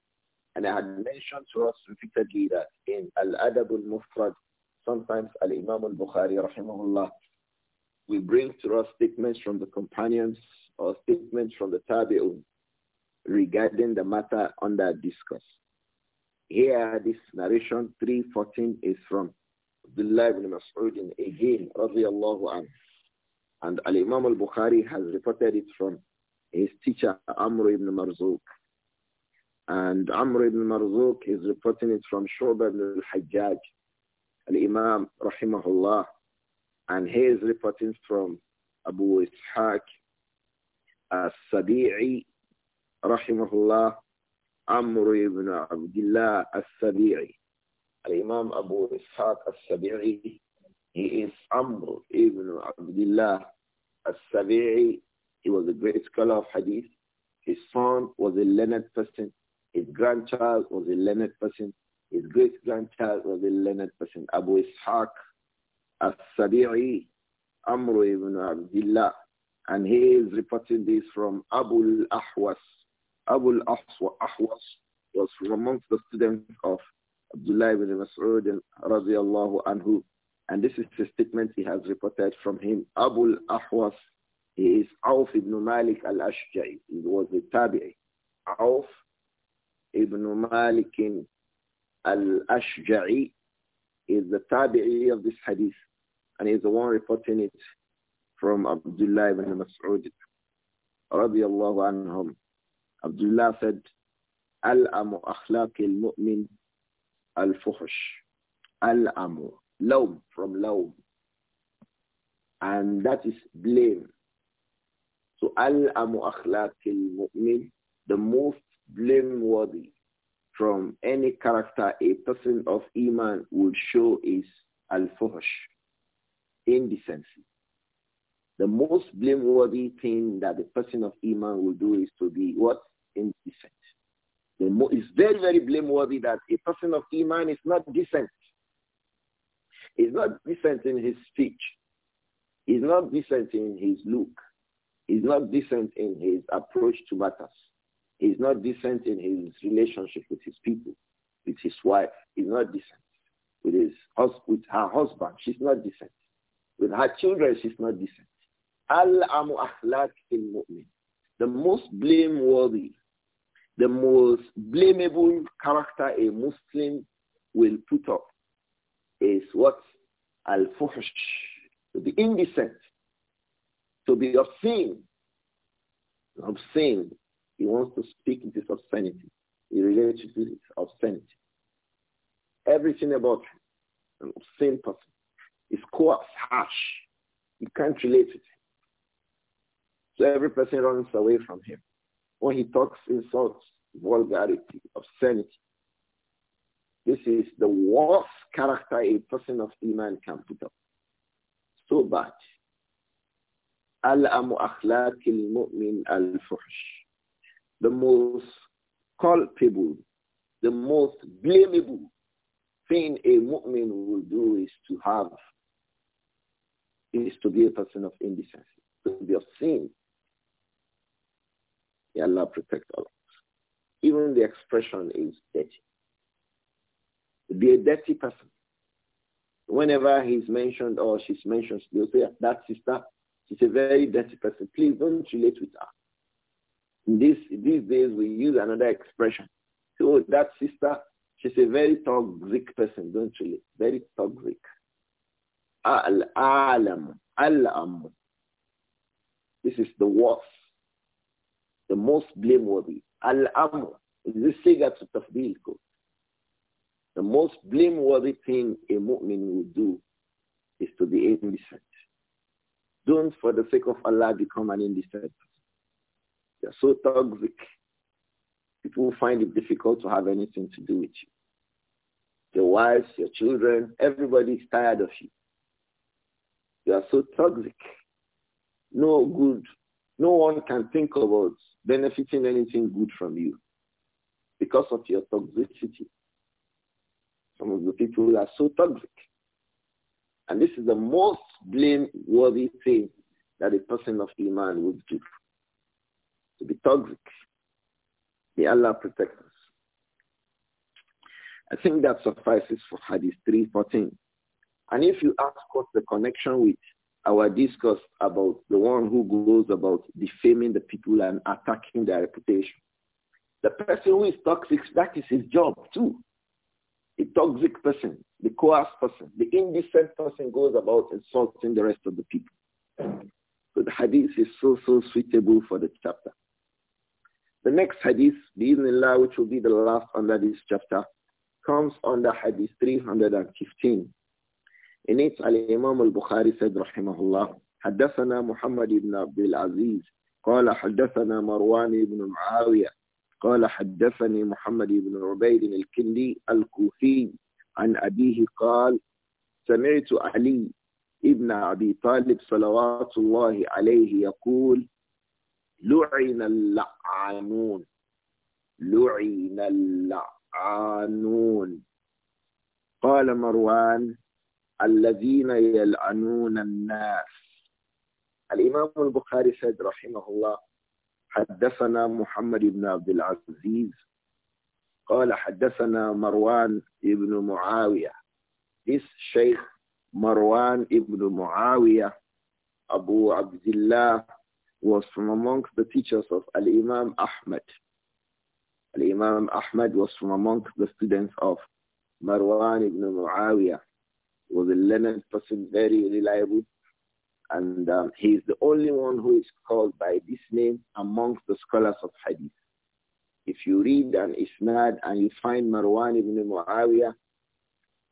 And I had mentioned to us repeatedly that in Al-Adab al-Mufrad, sometimes Al-Imam al-Bukhari, rahimahullah, we bring to us statements from the companions or statements from the tabi'un regarding the matter under discuss. Here, this narration 314 is from Abdullah ibn Mas'ud again, radiallahu anhu. And Al-Imam al-Bukhari has reported it from his teacher, Amr ibn Marzouk. And Amr ibn Marzouk is reporting it from Shu'bah ibn al-Hajjaj, Al-Imam, rahimahullah. And he is reporting from Abu Ishaq al-Sabi'i, rahimahullah, Amr ibn Abdullah al-Sabi'i. Al-Imam Abu Ishaq al-Sabi'i, he is Amr ibn Abdullah al-Sabi'i. He was a great scholar of hadith. His son was a learned person. His grandchild was a learned person. His great-grandchild was a learned person. Abu Ishaq al-Sabi'i, Amr ibn Abdullah. And he is reporting this from Abu al-Ahwas. Abu al-Ahwas was amongst the students of Abdullah ibn Mas'ud radiallahu anhu. And this is a statement he has reported from him. Abu al-Ahwas, he is Auf ibn Malik al-Ashja'i. He was a tabi'i. Auf ibn Malik al-Ashja'i is the tabi'i of this hadith. And he is the one reporting it from Abdullah ibn Mas'ud radiallahu anhum. Abdullah said, Al-amu akhlaqi al-mu'min al-fuhsh, al-amu, laum, from laum, And that is blame. So al-amu akhlaq al-mu'min, the most blameworthy from any character a person of Iman would show is al-fuhsh, indecency. The most blameworthy thing that the person of Iman will do is to be what? Indecent. It's very, very blameworthy that a person of Iman is not decent. He's not decent in his speech. He's not decent in his look. He's not decent in his approach to matters. He's not decent in his relationship with his people, with his wife. He's not decent. With, his, with her husband, she's not decent. With her children, she's not decent. Al-amu ahlak in mu'min. The most blameworthy the most blamable character a Muslim will put up is what? Al-fuhsh, to be indecent, to be obscene. Obscene. He wants to speak this obscenity. He relates to this obscenity. Everything about an obscene person is coarse, harsh. You can't relate it. So every person runs away from him. When he talks insults, vulgarity, obscenity. This is the worst character a person of Iman can put up. So bad. ألأم mu'min al fush. the most culpable, the most blamable thing a mu'min will do is to have, is to be a person of indecency, to be obscene, May Allah protect all of us. Even the expression is dirty. The be a dirty person. Whenever he's mentioned or she's mentioned, they'll say, ah, that sister, she's a very dirty person. Please don't relate with her. In this, these days, we use another expression. So that sister, she's a very toxic person. Don't relate. Very toxic. Al-alam. Al-am. This is the worst the most blameworthy. Al-amr is the siga to tafdeel. The most blameworthy thing a mu'min will do is to be indecent. Don't, for the sake of Allah, become an indecent. You're so toxic. People find it difficult to have anything to do with you. Your wives, your children, everybody is tired of you. You are so toxic. No good. No one can think about benefiting anything good from you because of your toxicity. Some of the people are so toxic. And this is the most blameworthy thing that a person of Iman would do. To be toxic. May Allah protect us. I think that suffices for Hadith 3.14. And if you ask what the connection with our discuss about the one who goes about defaming the people and attacking their reputation. The person who is toxic, that is his job too. The toxic person, the coerced person, the indecent person goes about insulting the rest of the people. So the hadith is so, so suitable for the chapter. The next hadith, bi'idhnillah, which will be the last under this chapter, comes under hadith 315. إنيس على الإمام البخاري سيد رحمه الله حدثنا محمد بن عبد العزيز قال حدثنا مروان بن معاوية قال حدثني محمد بن عبيد الكندي الكوفي عن أبيه قال سمعت علي ابن أبي طالب صلوات الله عليه يقول لعن اللعانون لعن اللعانون قال مروان الذين يلعنون الناس الإمام البخاري said رحمه الله حدثنا محمد بن عبد العزيز قال حدثنا مروان بن معاوية This مروان بن معاوية أبو Abu الله was from amongst the teachers of Al-Imam Ahmad. Al-Imam Ahmad was from amongst the students of Marwan ibn Muawiyah. was a learned person, very reliable. And um, he is the only one who is called by this name amongst the scholars of hadith. If you read an isnad and you find Marwan ibn Muawiyah,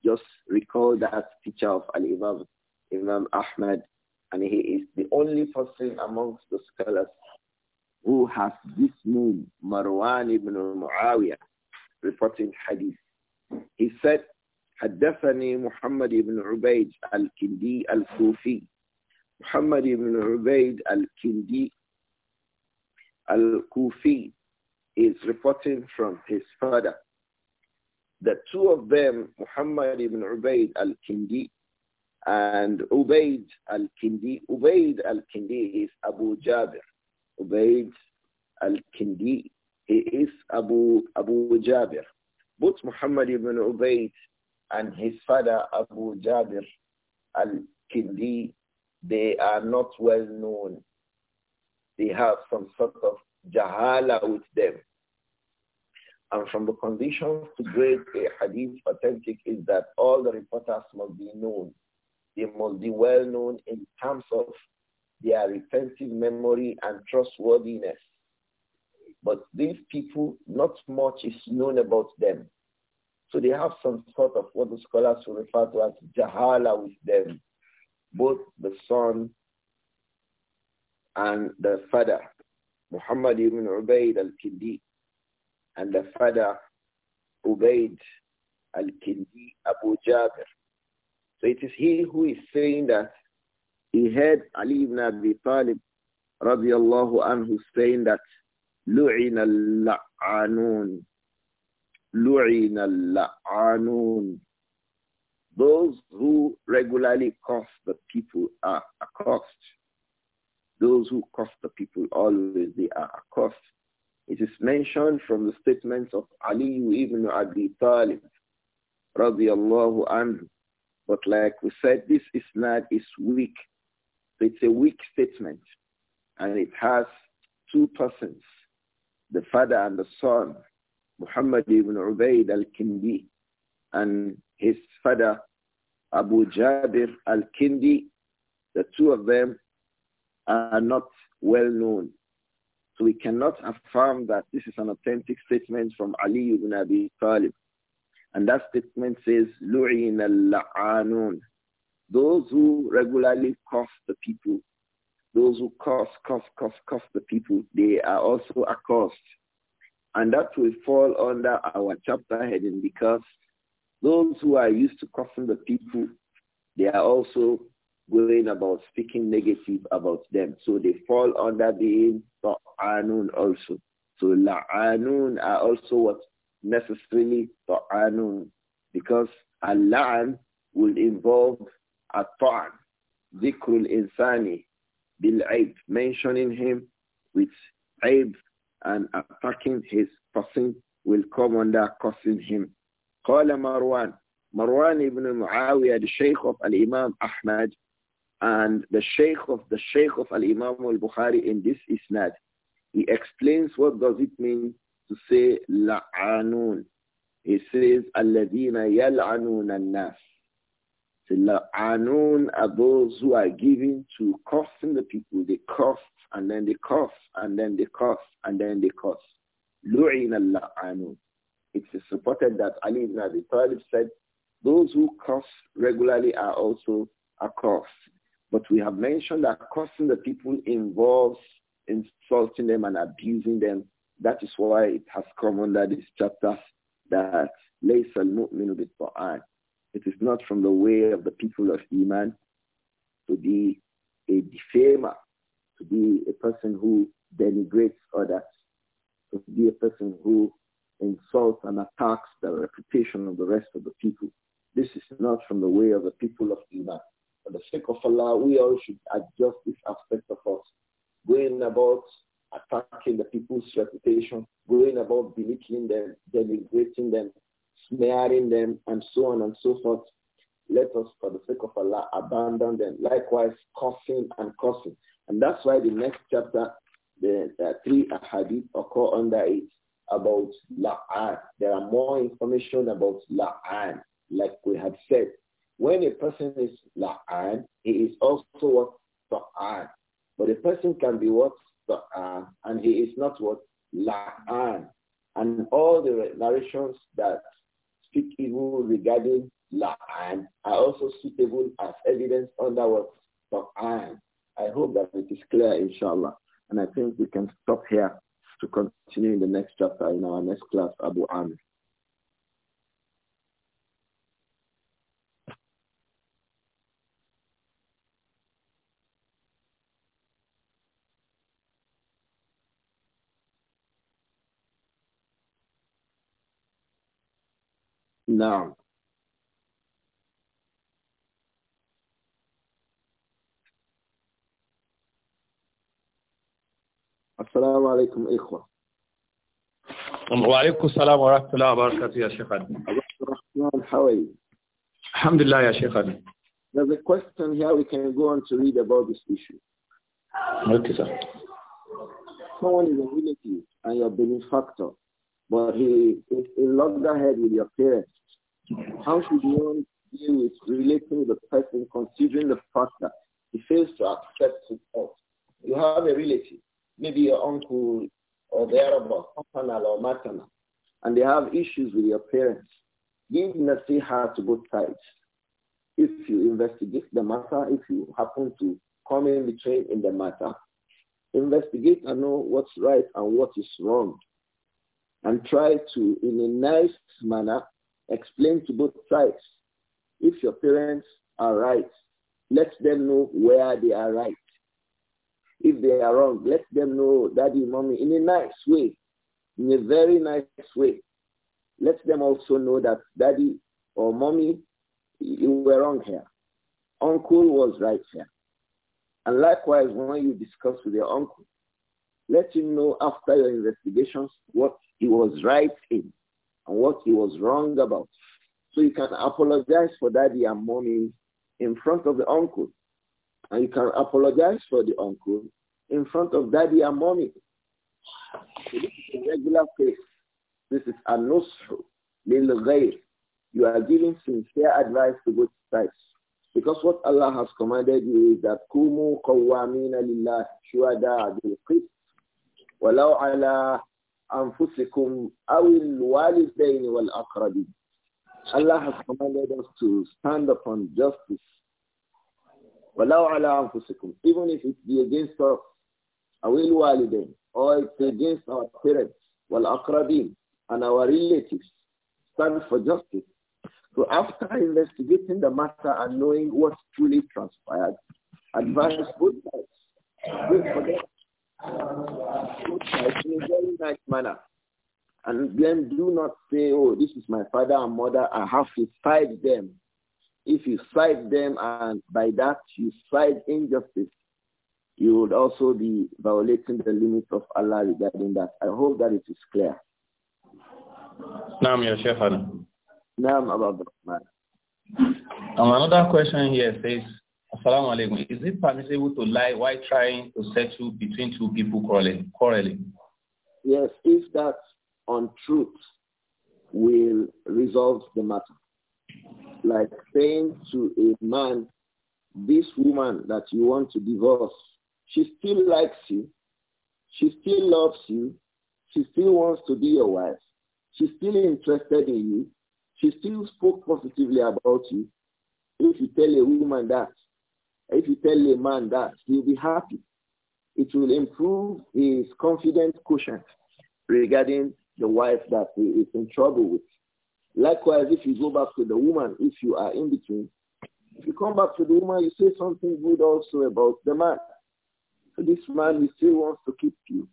just recall that teacher of Al-Imam Imam Ahmad. And he is the only person amongst the scholars who has this name, Marwan ibn Muawiyah, reporting hadith. He said, حدثني محمد بن عبيد الكندي الكوفي محمد بن عبيد الكندي الكوفي is reporting from his father. The two of them, Muhammad ibn Ubaid al-Kindi and Ubaid al-Kindi, Ubaid al-Kindi is Abu Jabir. Ubaid al-Kindi, he is Abu, Abu Jabir. Both Muhammad ibn Ubaid and his father Abu Jabir al-Kindi, they are not well known. They have some sort of jahala with them. And from the conditions to grade a hadith authentic is that all the reporters must be known. They must be well known in terms of their retentive memory and trustworthiness. But these people, not much is known about them. So they have some sort of what the scholars will refer to as jahala with them, both the son and the father, Muhammad ibn Ubaid al-Kindi, and the father, Ubaid al-Kindi Abu Jabir. So it is he who is saying that he heard Ali ibn Abi Talib radiallahu anhu saying that لعن اللعنون لعن اللعانون those who regularly curse the people are accursed. Those who curse the people always, they are accursed. It is mentioned from the statements of Ali ibn Abi Talib, radiallahu anhu. But like we said, this not; is weak. It's a weak statement. And it has two persons, the father and the son. Muhammad ibn Ubaid al-Kindi and his father Abu Jabir al-Kindi, the two of them are not well known. So we cannot affirm that this is an authentic statement from Ali ibn Abi Talib. And that statement says, لُعِنَ اللَّعَانُونَ Those who regularly curse the people, those who curse, curse, curse, curse the people, they are also accursed. And that will fall under our chapter heading because those who are used to cursing the people, they are also going about speaking negative about them. So they fall under being anun also. So la'anun are also what necessarily al-anun because al-la'an will involve a ta'an, dhikrul insani, bil mentioning him with aib and attacking his person will come under cursing him. قال مروان Marwan ibn Muawiyah, the Sheikh of Al-Imam Ahmad, and the Sheikh of the Sheikh of Al-Imam Al-Bukhari in this isnad. He explains what does it mean to say la'anun. He says, الَّذِينَ يَلْعَنُونَ النَّاسِ the la'anun are those who are giving to cursing the people. They curse and then they curse and then they curse and then they curse. Lu'ina la'anun. It is supported that Ali ibn Abi Talib said, those who curse regularly are also a cost." But we have mentioned that cursing the people involves insulting them and abusing them. That is why it has come under this chapter that ليس for بالطعان it is not from the way of the people of Iman to be a defamer, to be a person who denigrates others, to be a person who insults and attacks the reputation of the rest of the people. This is not from the way of the people of Iman. For the sake of Allah, we all should adjust this aspect of us. Going about attacking the people's reputation, going about belittling them, denigrating them, snaring them, and so on and so forth. Let us, for the sake of Allah, abandon them. Likewise, cursing and cursing. And that's why the next chapter, the, the three hadith occur under it about la'an. There are more information about la'an, like we have said. When a person is la'an, he is also what? Ta'an. But a person can be what? Ta'an. And he is not what? La'an. And all the narrations that speak evil regarding La'an are also suitable as evidence under what Quran. I hope that it is clear, inshallah. And I think we can stop here to continue in the next chapter in our next class, Abu Amir. نعم السلام عليكم إخوة وعليكم السلام ورحمة الله وبركاته يا شيخ الرحمن حوي الحمد لله يا شيخ There's a question here we can go on to read about this issue. Okay, sir. Someone is a relative and your benefactor, but he is in with your parents. How should one deal with relating with the person considering the fact that he fails to accept his fault? You have a relative, maybe your uncle or thereabouts, paternal or maternal, and they have issues with your parents. Give have to both sides. If you investigate the matter, if you happen to come in between in the matter, investigate and know what's right and what is wrong. And try to, in a nice manner, Explain to both sides. If your parents are right, let them know where they are right. If they are wrong, let them know daddy, mommy, in a nice way, in a very nice way. Let them also know that daddy or mommy, you were wrong here. Uncle was right here. And likewise, when you discuss with your uncle, let him know after your investigations what he was right in and what he was wrong about. So you can apologize for daddy and mommy in front of the uncle. And you can apologize for the uncle in front of daddy and mommy. So this is a regular case. This is a little guy. You are giving sincere advice to both sides. Because what Allah has commanded you is that kumu kawamina lillah shuada bil qist walau ala أنفسكم أو الوالدين والأقربين Allah has commanded us to stand upon justice. وَلَوْ عَلَىٰ أَنفُسِكُمْ Even if it be against us, أَوِلْ وَالِدَيْنِ Or it's against our parents, وَالْأَقْرَبِينَ And our relatives. Stand for justice. So after investigating the matter and knowing what truly transpired, advise both sides. Good for them in a very nice manner. And then do not say, oh, this is my father and mother. I have to fight them. If you fight them and by that you fight injustice, you would also be violating the limits of Allah regarding that. I hope that it is clear. Naam, Ya Sheikh Naam, Abu Abdurrahman. Um, another question here says, Assalamu alaikum. Is it permissible to lie while trying to settle between two people quarreling? quarreling? Yes, if that untruth will resolve the matter. Like saying to a man, this woman that you want to divorce, she still likes you, she still loves you, she still wants to be your wife, she's still interested in you, she still spoke positively about you. If you tell a woman that, if you tell a man that, he'll be happy. It will improve his confidence quotient regarding the wife that he is in trouble with. Likewise, if you go back to the woman, if you are in between, if you come back to the woman, you say something good also about the man. So this man, he still wants to keep you.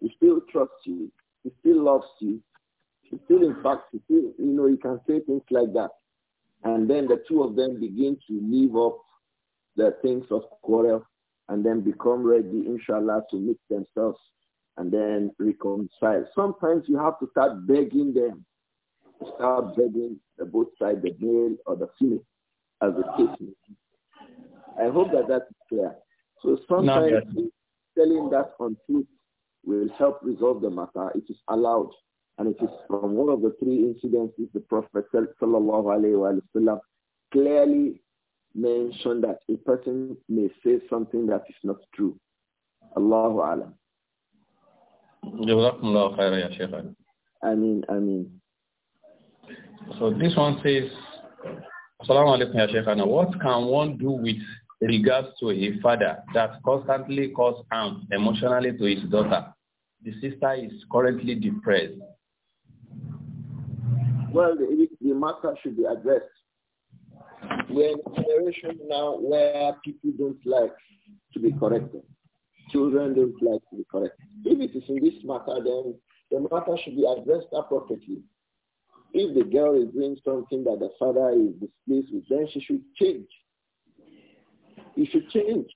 He still trusts you. He still loves you. He still, in fact, he still, you know, you can say things like that. And then the two of them begin to live up the things of quarrel and then become ready, inshallah, to meet themselves and then reconcile. Sometimes you have to start begging them. Start begging the both sides, the male or the female, as the case may be. I hope that that is clear. So sometimes telling that untruth will help resolve the matter. It is allowed. And it is from one of the three incidences the Prophet sallallahu alayhi wa sallam clearly mention that a person may say something that is not true. Allahu Alam. Jazakumullah mean, ya mean, So this one says, Assalamu alaikum ya Sheikh. What can one do with regards to a father that constantly causes harm emotionally to his daughter? The sister is currently depressed. Well, the, the matter should be addressed we're in a generation now where people don't like to be corrected. Children don't like to be corrected. If it is in this matter, then the matter should be addressed appropriately. If the girl is doing something that the father is displeased with, then she should change. You should change.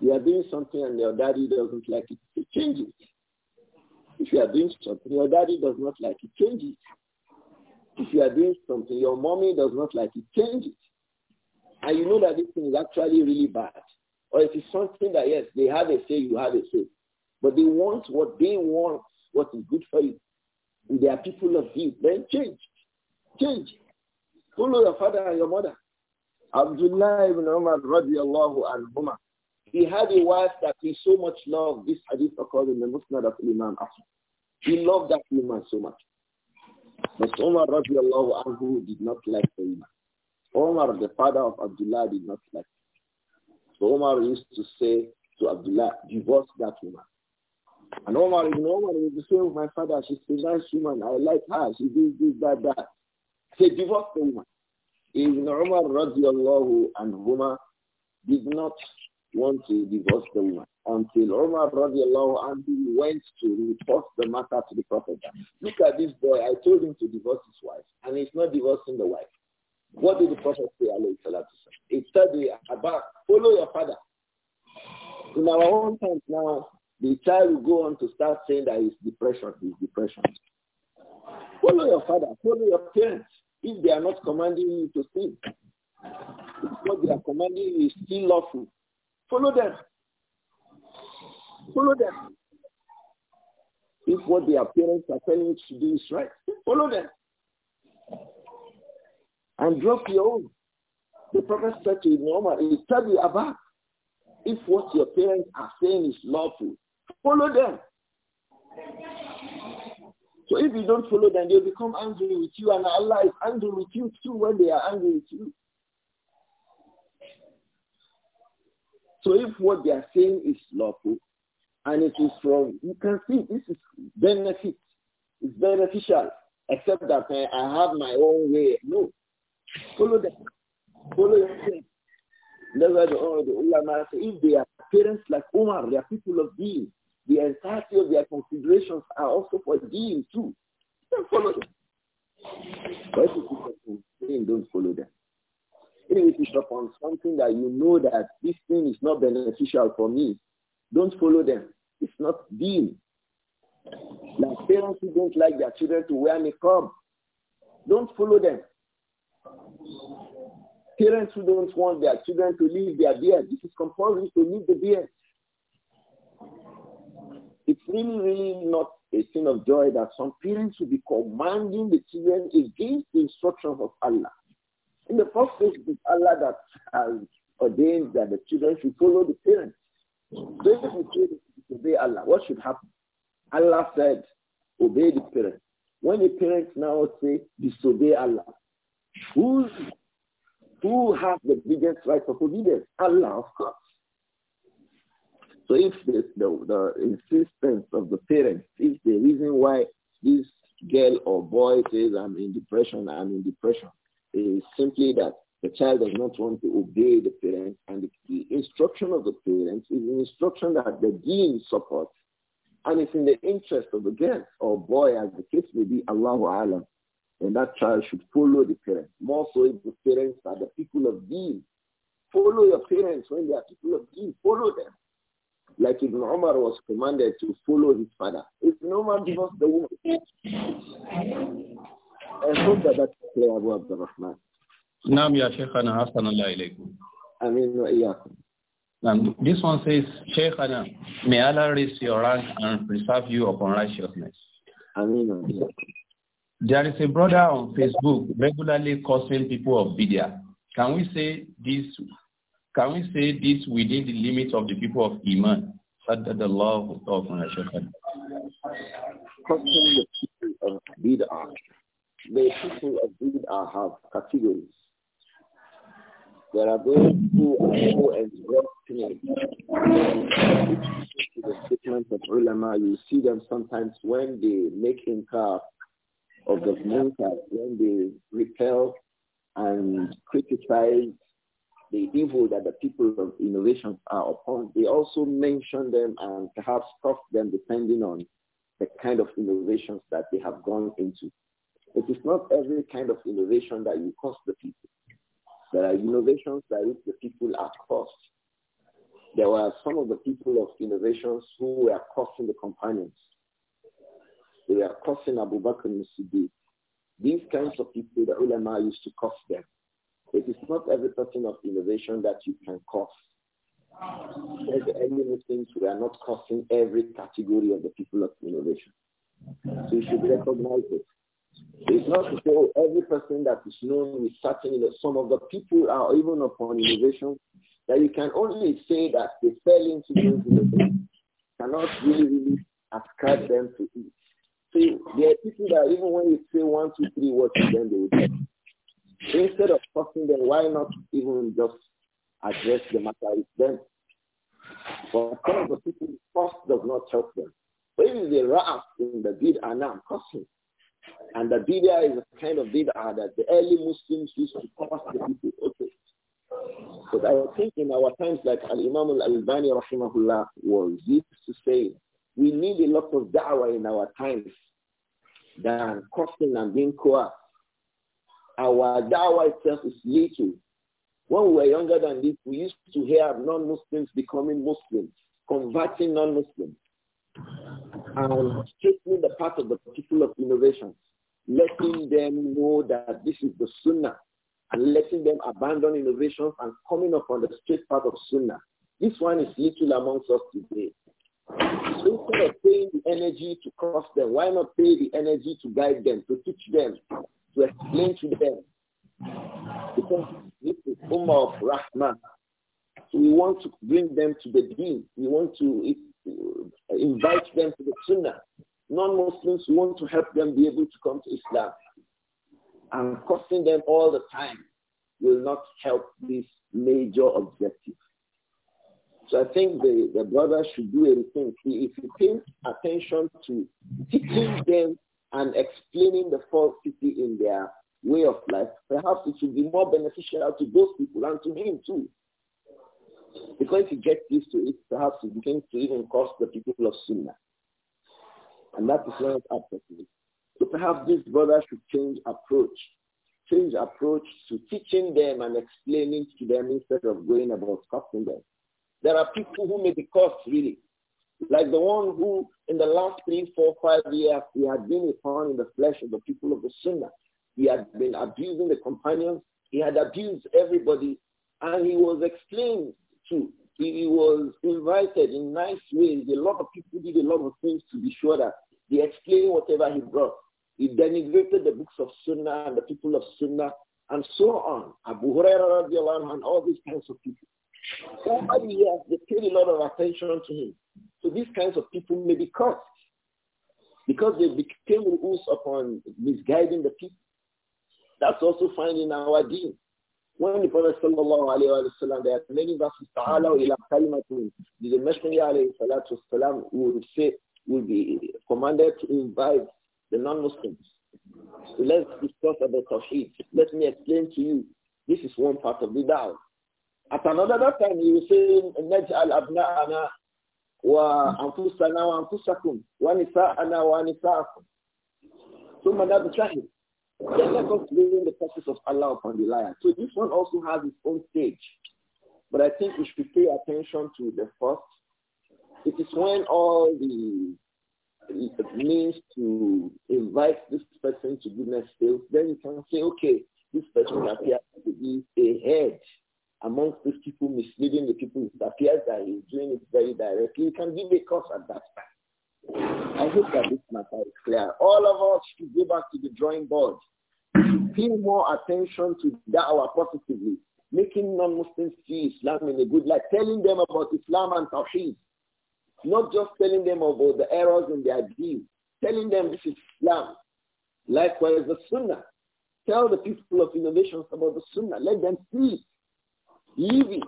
You are doing something and your daddy doesn't like it. Change it. If you are doing something, your daddy does not like it. Change it. If you are doing something, your mommy does not like it, change it. And you know that this thing is actually really bad. Or it is something that, yes, they have a say, you have a say. But they want what they want, what is good for you. And they are people of you, then change. Change. Follow your father and your mother. Abdullah ibn Umar radiallahu anhumah. He had a wife that he so much loved. This hadith occurred in the Musnad of Imam Ahmad. He loved that woman so much. But Omar radiallahu anhu did not like him. Omar, the father of Abdullah, did not like him. So Omar used to say to Abdullah, divorce that woman. And Omar, is Omar is the same with my father. She's a nice woman. I like her. She does this, that, that. Say, divorce the woman. Ibn Umar radiallahu anhuma did not want to divorce the woman until Omar and he went to report the matter to the Prophet. Look at this boy. I told him to divorce his wife, and he's not divorcing the wife. What did the Prophet say, He said, follow your father. In our own times now, the child will go on to start saying that it's depression, he's depression. Follow your father, follow your parents. If they are not commanding you to sin, what they are commanding you is still lawful. Follow them. Follow them. If what their parents are telling you to do is right, follow them. And drop your own. The prophet said to Ibn Omar, he tell you about if what your parents are saying is lawful, follow them. So if you don't follow them, they will become angry with you, and Allah is angry with you too when they are angry with you. So if what they are saying is lawful and it is from, you can see this is benefit. It's beneficial, except that eh, I have my own way. No. Follow them. Follow them. That's why the, the ulama say, if they are parents like Umar, they are people of deen. The entirety of their considerations are also for deen too. Then follow them. But if you don't follow them, if it on something that you know that this thing is not beneficial for me. Don't follow them. It's not deal. Like parents who don't like their children to wear makeup, don't follow them. Parents who don't want their children to leave their beard, this is compulsory to leave the beard. It's really, really not a thing of joy that some parents will be commanding the children against the instructions of Allah. In the first place, it is Allah that has ordained that the children should follow the parents. Basically, children should obey Allah, what should happen? Allah said, obey the parents. When the parents now say, disobey Allah, who's, who has the biggest right of obedience? Allah, of course. So if the, the, the insistence of the parents is the reason why this girl or boy says, I'm in depression, I'm in depression, is simply that the child does not want to obey the parents, and the instruction of the parents is an instruction that the dean supports, and it's in the interest of the girl or boy, as the case may be, Allahu Alam, and that child should follow the parents. More so if the parents are the people of deen. Follow your parents when they are people of deen. Follow them. Like Ibn Umar was commanded to follow his father. Ibn Umar divorced the woman. I hope that that's clear, Abu Abdurrahman. نعم يا شيخنا حسن الله إليكم. آمين وإياكم. And this one says, Shaykhana, may Allah raise your rank and preserve you upon righteousness. Ameen. There is a brother on Facebook regularly cursing people of Bidia. Can we say this can we say this within the limits of the people of Iman? Saddad Allah of Cursing the people of Bidia the people of are have categories. There are those who are poor and broke to the statements of ulama. You see them sometimes when they make inkar of the munkar, when they repel and criticize the evil that the people of innovations are upon. They also mention them and perhaps scoff them depending on the kind of innovations that they have gone into. It is not every kind of innovation that you cost the people. There are innovations that reach the people at cost. There were some of the people of innovations who were costing the companions. They were costing Abu Bakr and These kinds of people, the ulama used to cost them. It is not every person of innovation that you can cost. As any things we are not costing every category of the people of innovation. So you should recognize it. It's not to say every person that is known is certainly know, some of the people are even upon innovation, that you can only say that they fell into those innovations. Cannot really, really ascribe them to it. See, there are people that even when you say one, two, three words to them, they will do. Instead of talking them, why not even just address the matter with them? But some of the people, cost does not help them. Maybe they are in the bid and now costing. And the bid'ah is a kind of bid'ah that the early Muslims used to cause the people. Okay. But I think in our times, like Al-Imam Al-Albani rahimahullah was used to say, we need a lot of da'wah in our times than costing and being coerced. Our da'wah itself is little. When we were younger than this, we used to hear non-Muslims becoming Muslims, converting non-Muslims and taking the part of the people of innovation, letting them know that this is the sunnah and letting them abandon innovations and coming up on the straight path of sunnah. This one is little amongst us today. So instead of paying the energy to cross them, why not pay the energy to guide them, to teach them, to explain to them? Because this is Ummah of Rahman. So we want to bring them to the deen. We want to, invite them to the Sunnah. Non-Muslims want to help them be able to come to Islam. And costing them all the time will not help this major objective. So I think the, the brother should do everything. If he pays attention to teaching them and explaining the falsity in their way of life, perhaps it will be more beneficial to those people and to him too. Because if you get used to it, perhaps it begins to even cost the people of Sunnah. And that is not acceptable. So perhaps this brother should change approach. Change approach to teaching them and explaining to them instead of going about costing them. There are people who may be cost really. Like the one who in the last three, four, five years, he had been a thorn in the flesh of the people of the Sunnah. He had been abusing the companions. He had abused everybody. And he was explained too. He was invited in nice ways. A lot of people did a lot of things to be sure that they explained whatever he brought. He denigrated the books of Sunnah and the people of Sunnah and so on. Abu Hurairah and all these kinds of people. Over the years, they paid a lot of attention to him. So these kinds of people may be cursed because they became rules upon misguiding the people. That's also fine in our deen. When the Prophet sallallahu alayhi wa sallam, there are many verses, ta'ala ila kalimatun, the Messenger alayhi salatu wasalam would say, would be commanded to invite the non-Muslims. So let's discuss about Tawheed. Let me explain to you. This is one part of the da'wah. At another time, he was saying, نَجْعَلْ أَبْنَاءَنَا وَأَنفُسَنَا وَأَنفُسَكُمْ وَنِسَاءَنَا وَنِسَاءَكُمْ ثُمَّ نَبْتَهِلْ then let us the curses of Allah upon the liar. So this one also has its own stage. But I think we should pay attention to the first. It is when all the means to invite this person to goodness fails, then you can say, okay, this person appears to be a head amongst these people misleading the people. It appears that he's doing it very directly. You can give a cause at that time. I hope that this matter is clear. All of us should go back to the drawing board. Pay more attention to that. Our positively, making non-Muslims see Islam in a good light, telling them about Islam and Tawheed, not just telling them about the errors in their deeds, telling them this is Islam. Likewise, the Sunnah. Tell the people of innovations about the Sunnah. Let them see it. Live it.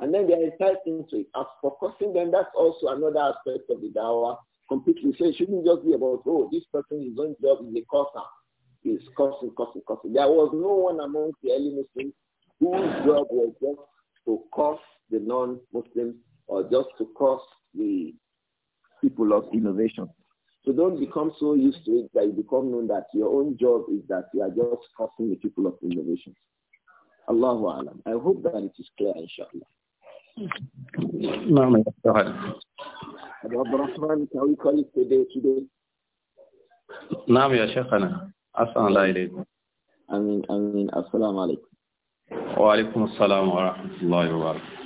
And then they are entitled into it. As for cursing them, that's also another aspect of the dawah completely. So it shouldn't just be about, oh, this person is own job is a curser. He's cursing, cursing, cursing. There was no one among the early Muslims whose job was just to curse the non-Muslims or just to curse the people of innovation. So don't become so used to it that you become known that your own job is that you are just cursing the people of innovation. Allahu alam. I hope that it is clear, inshallah. No, can we call it today today? salamu alaykum. شيخنا أسأل الله إليكم أمين أمين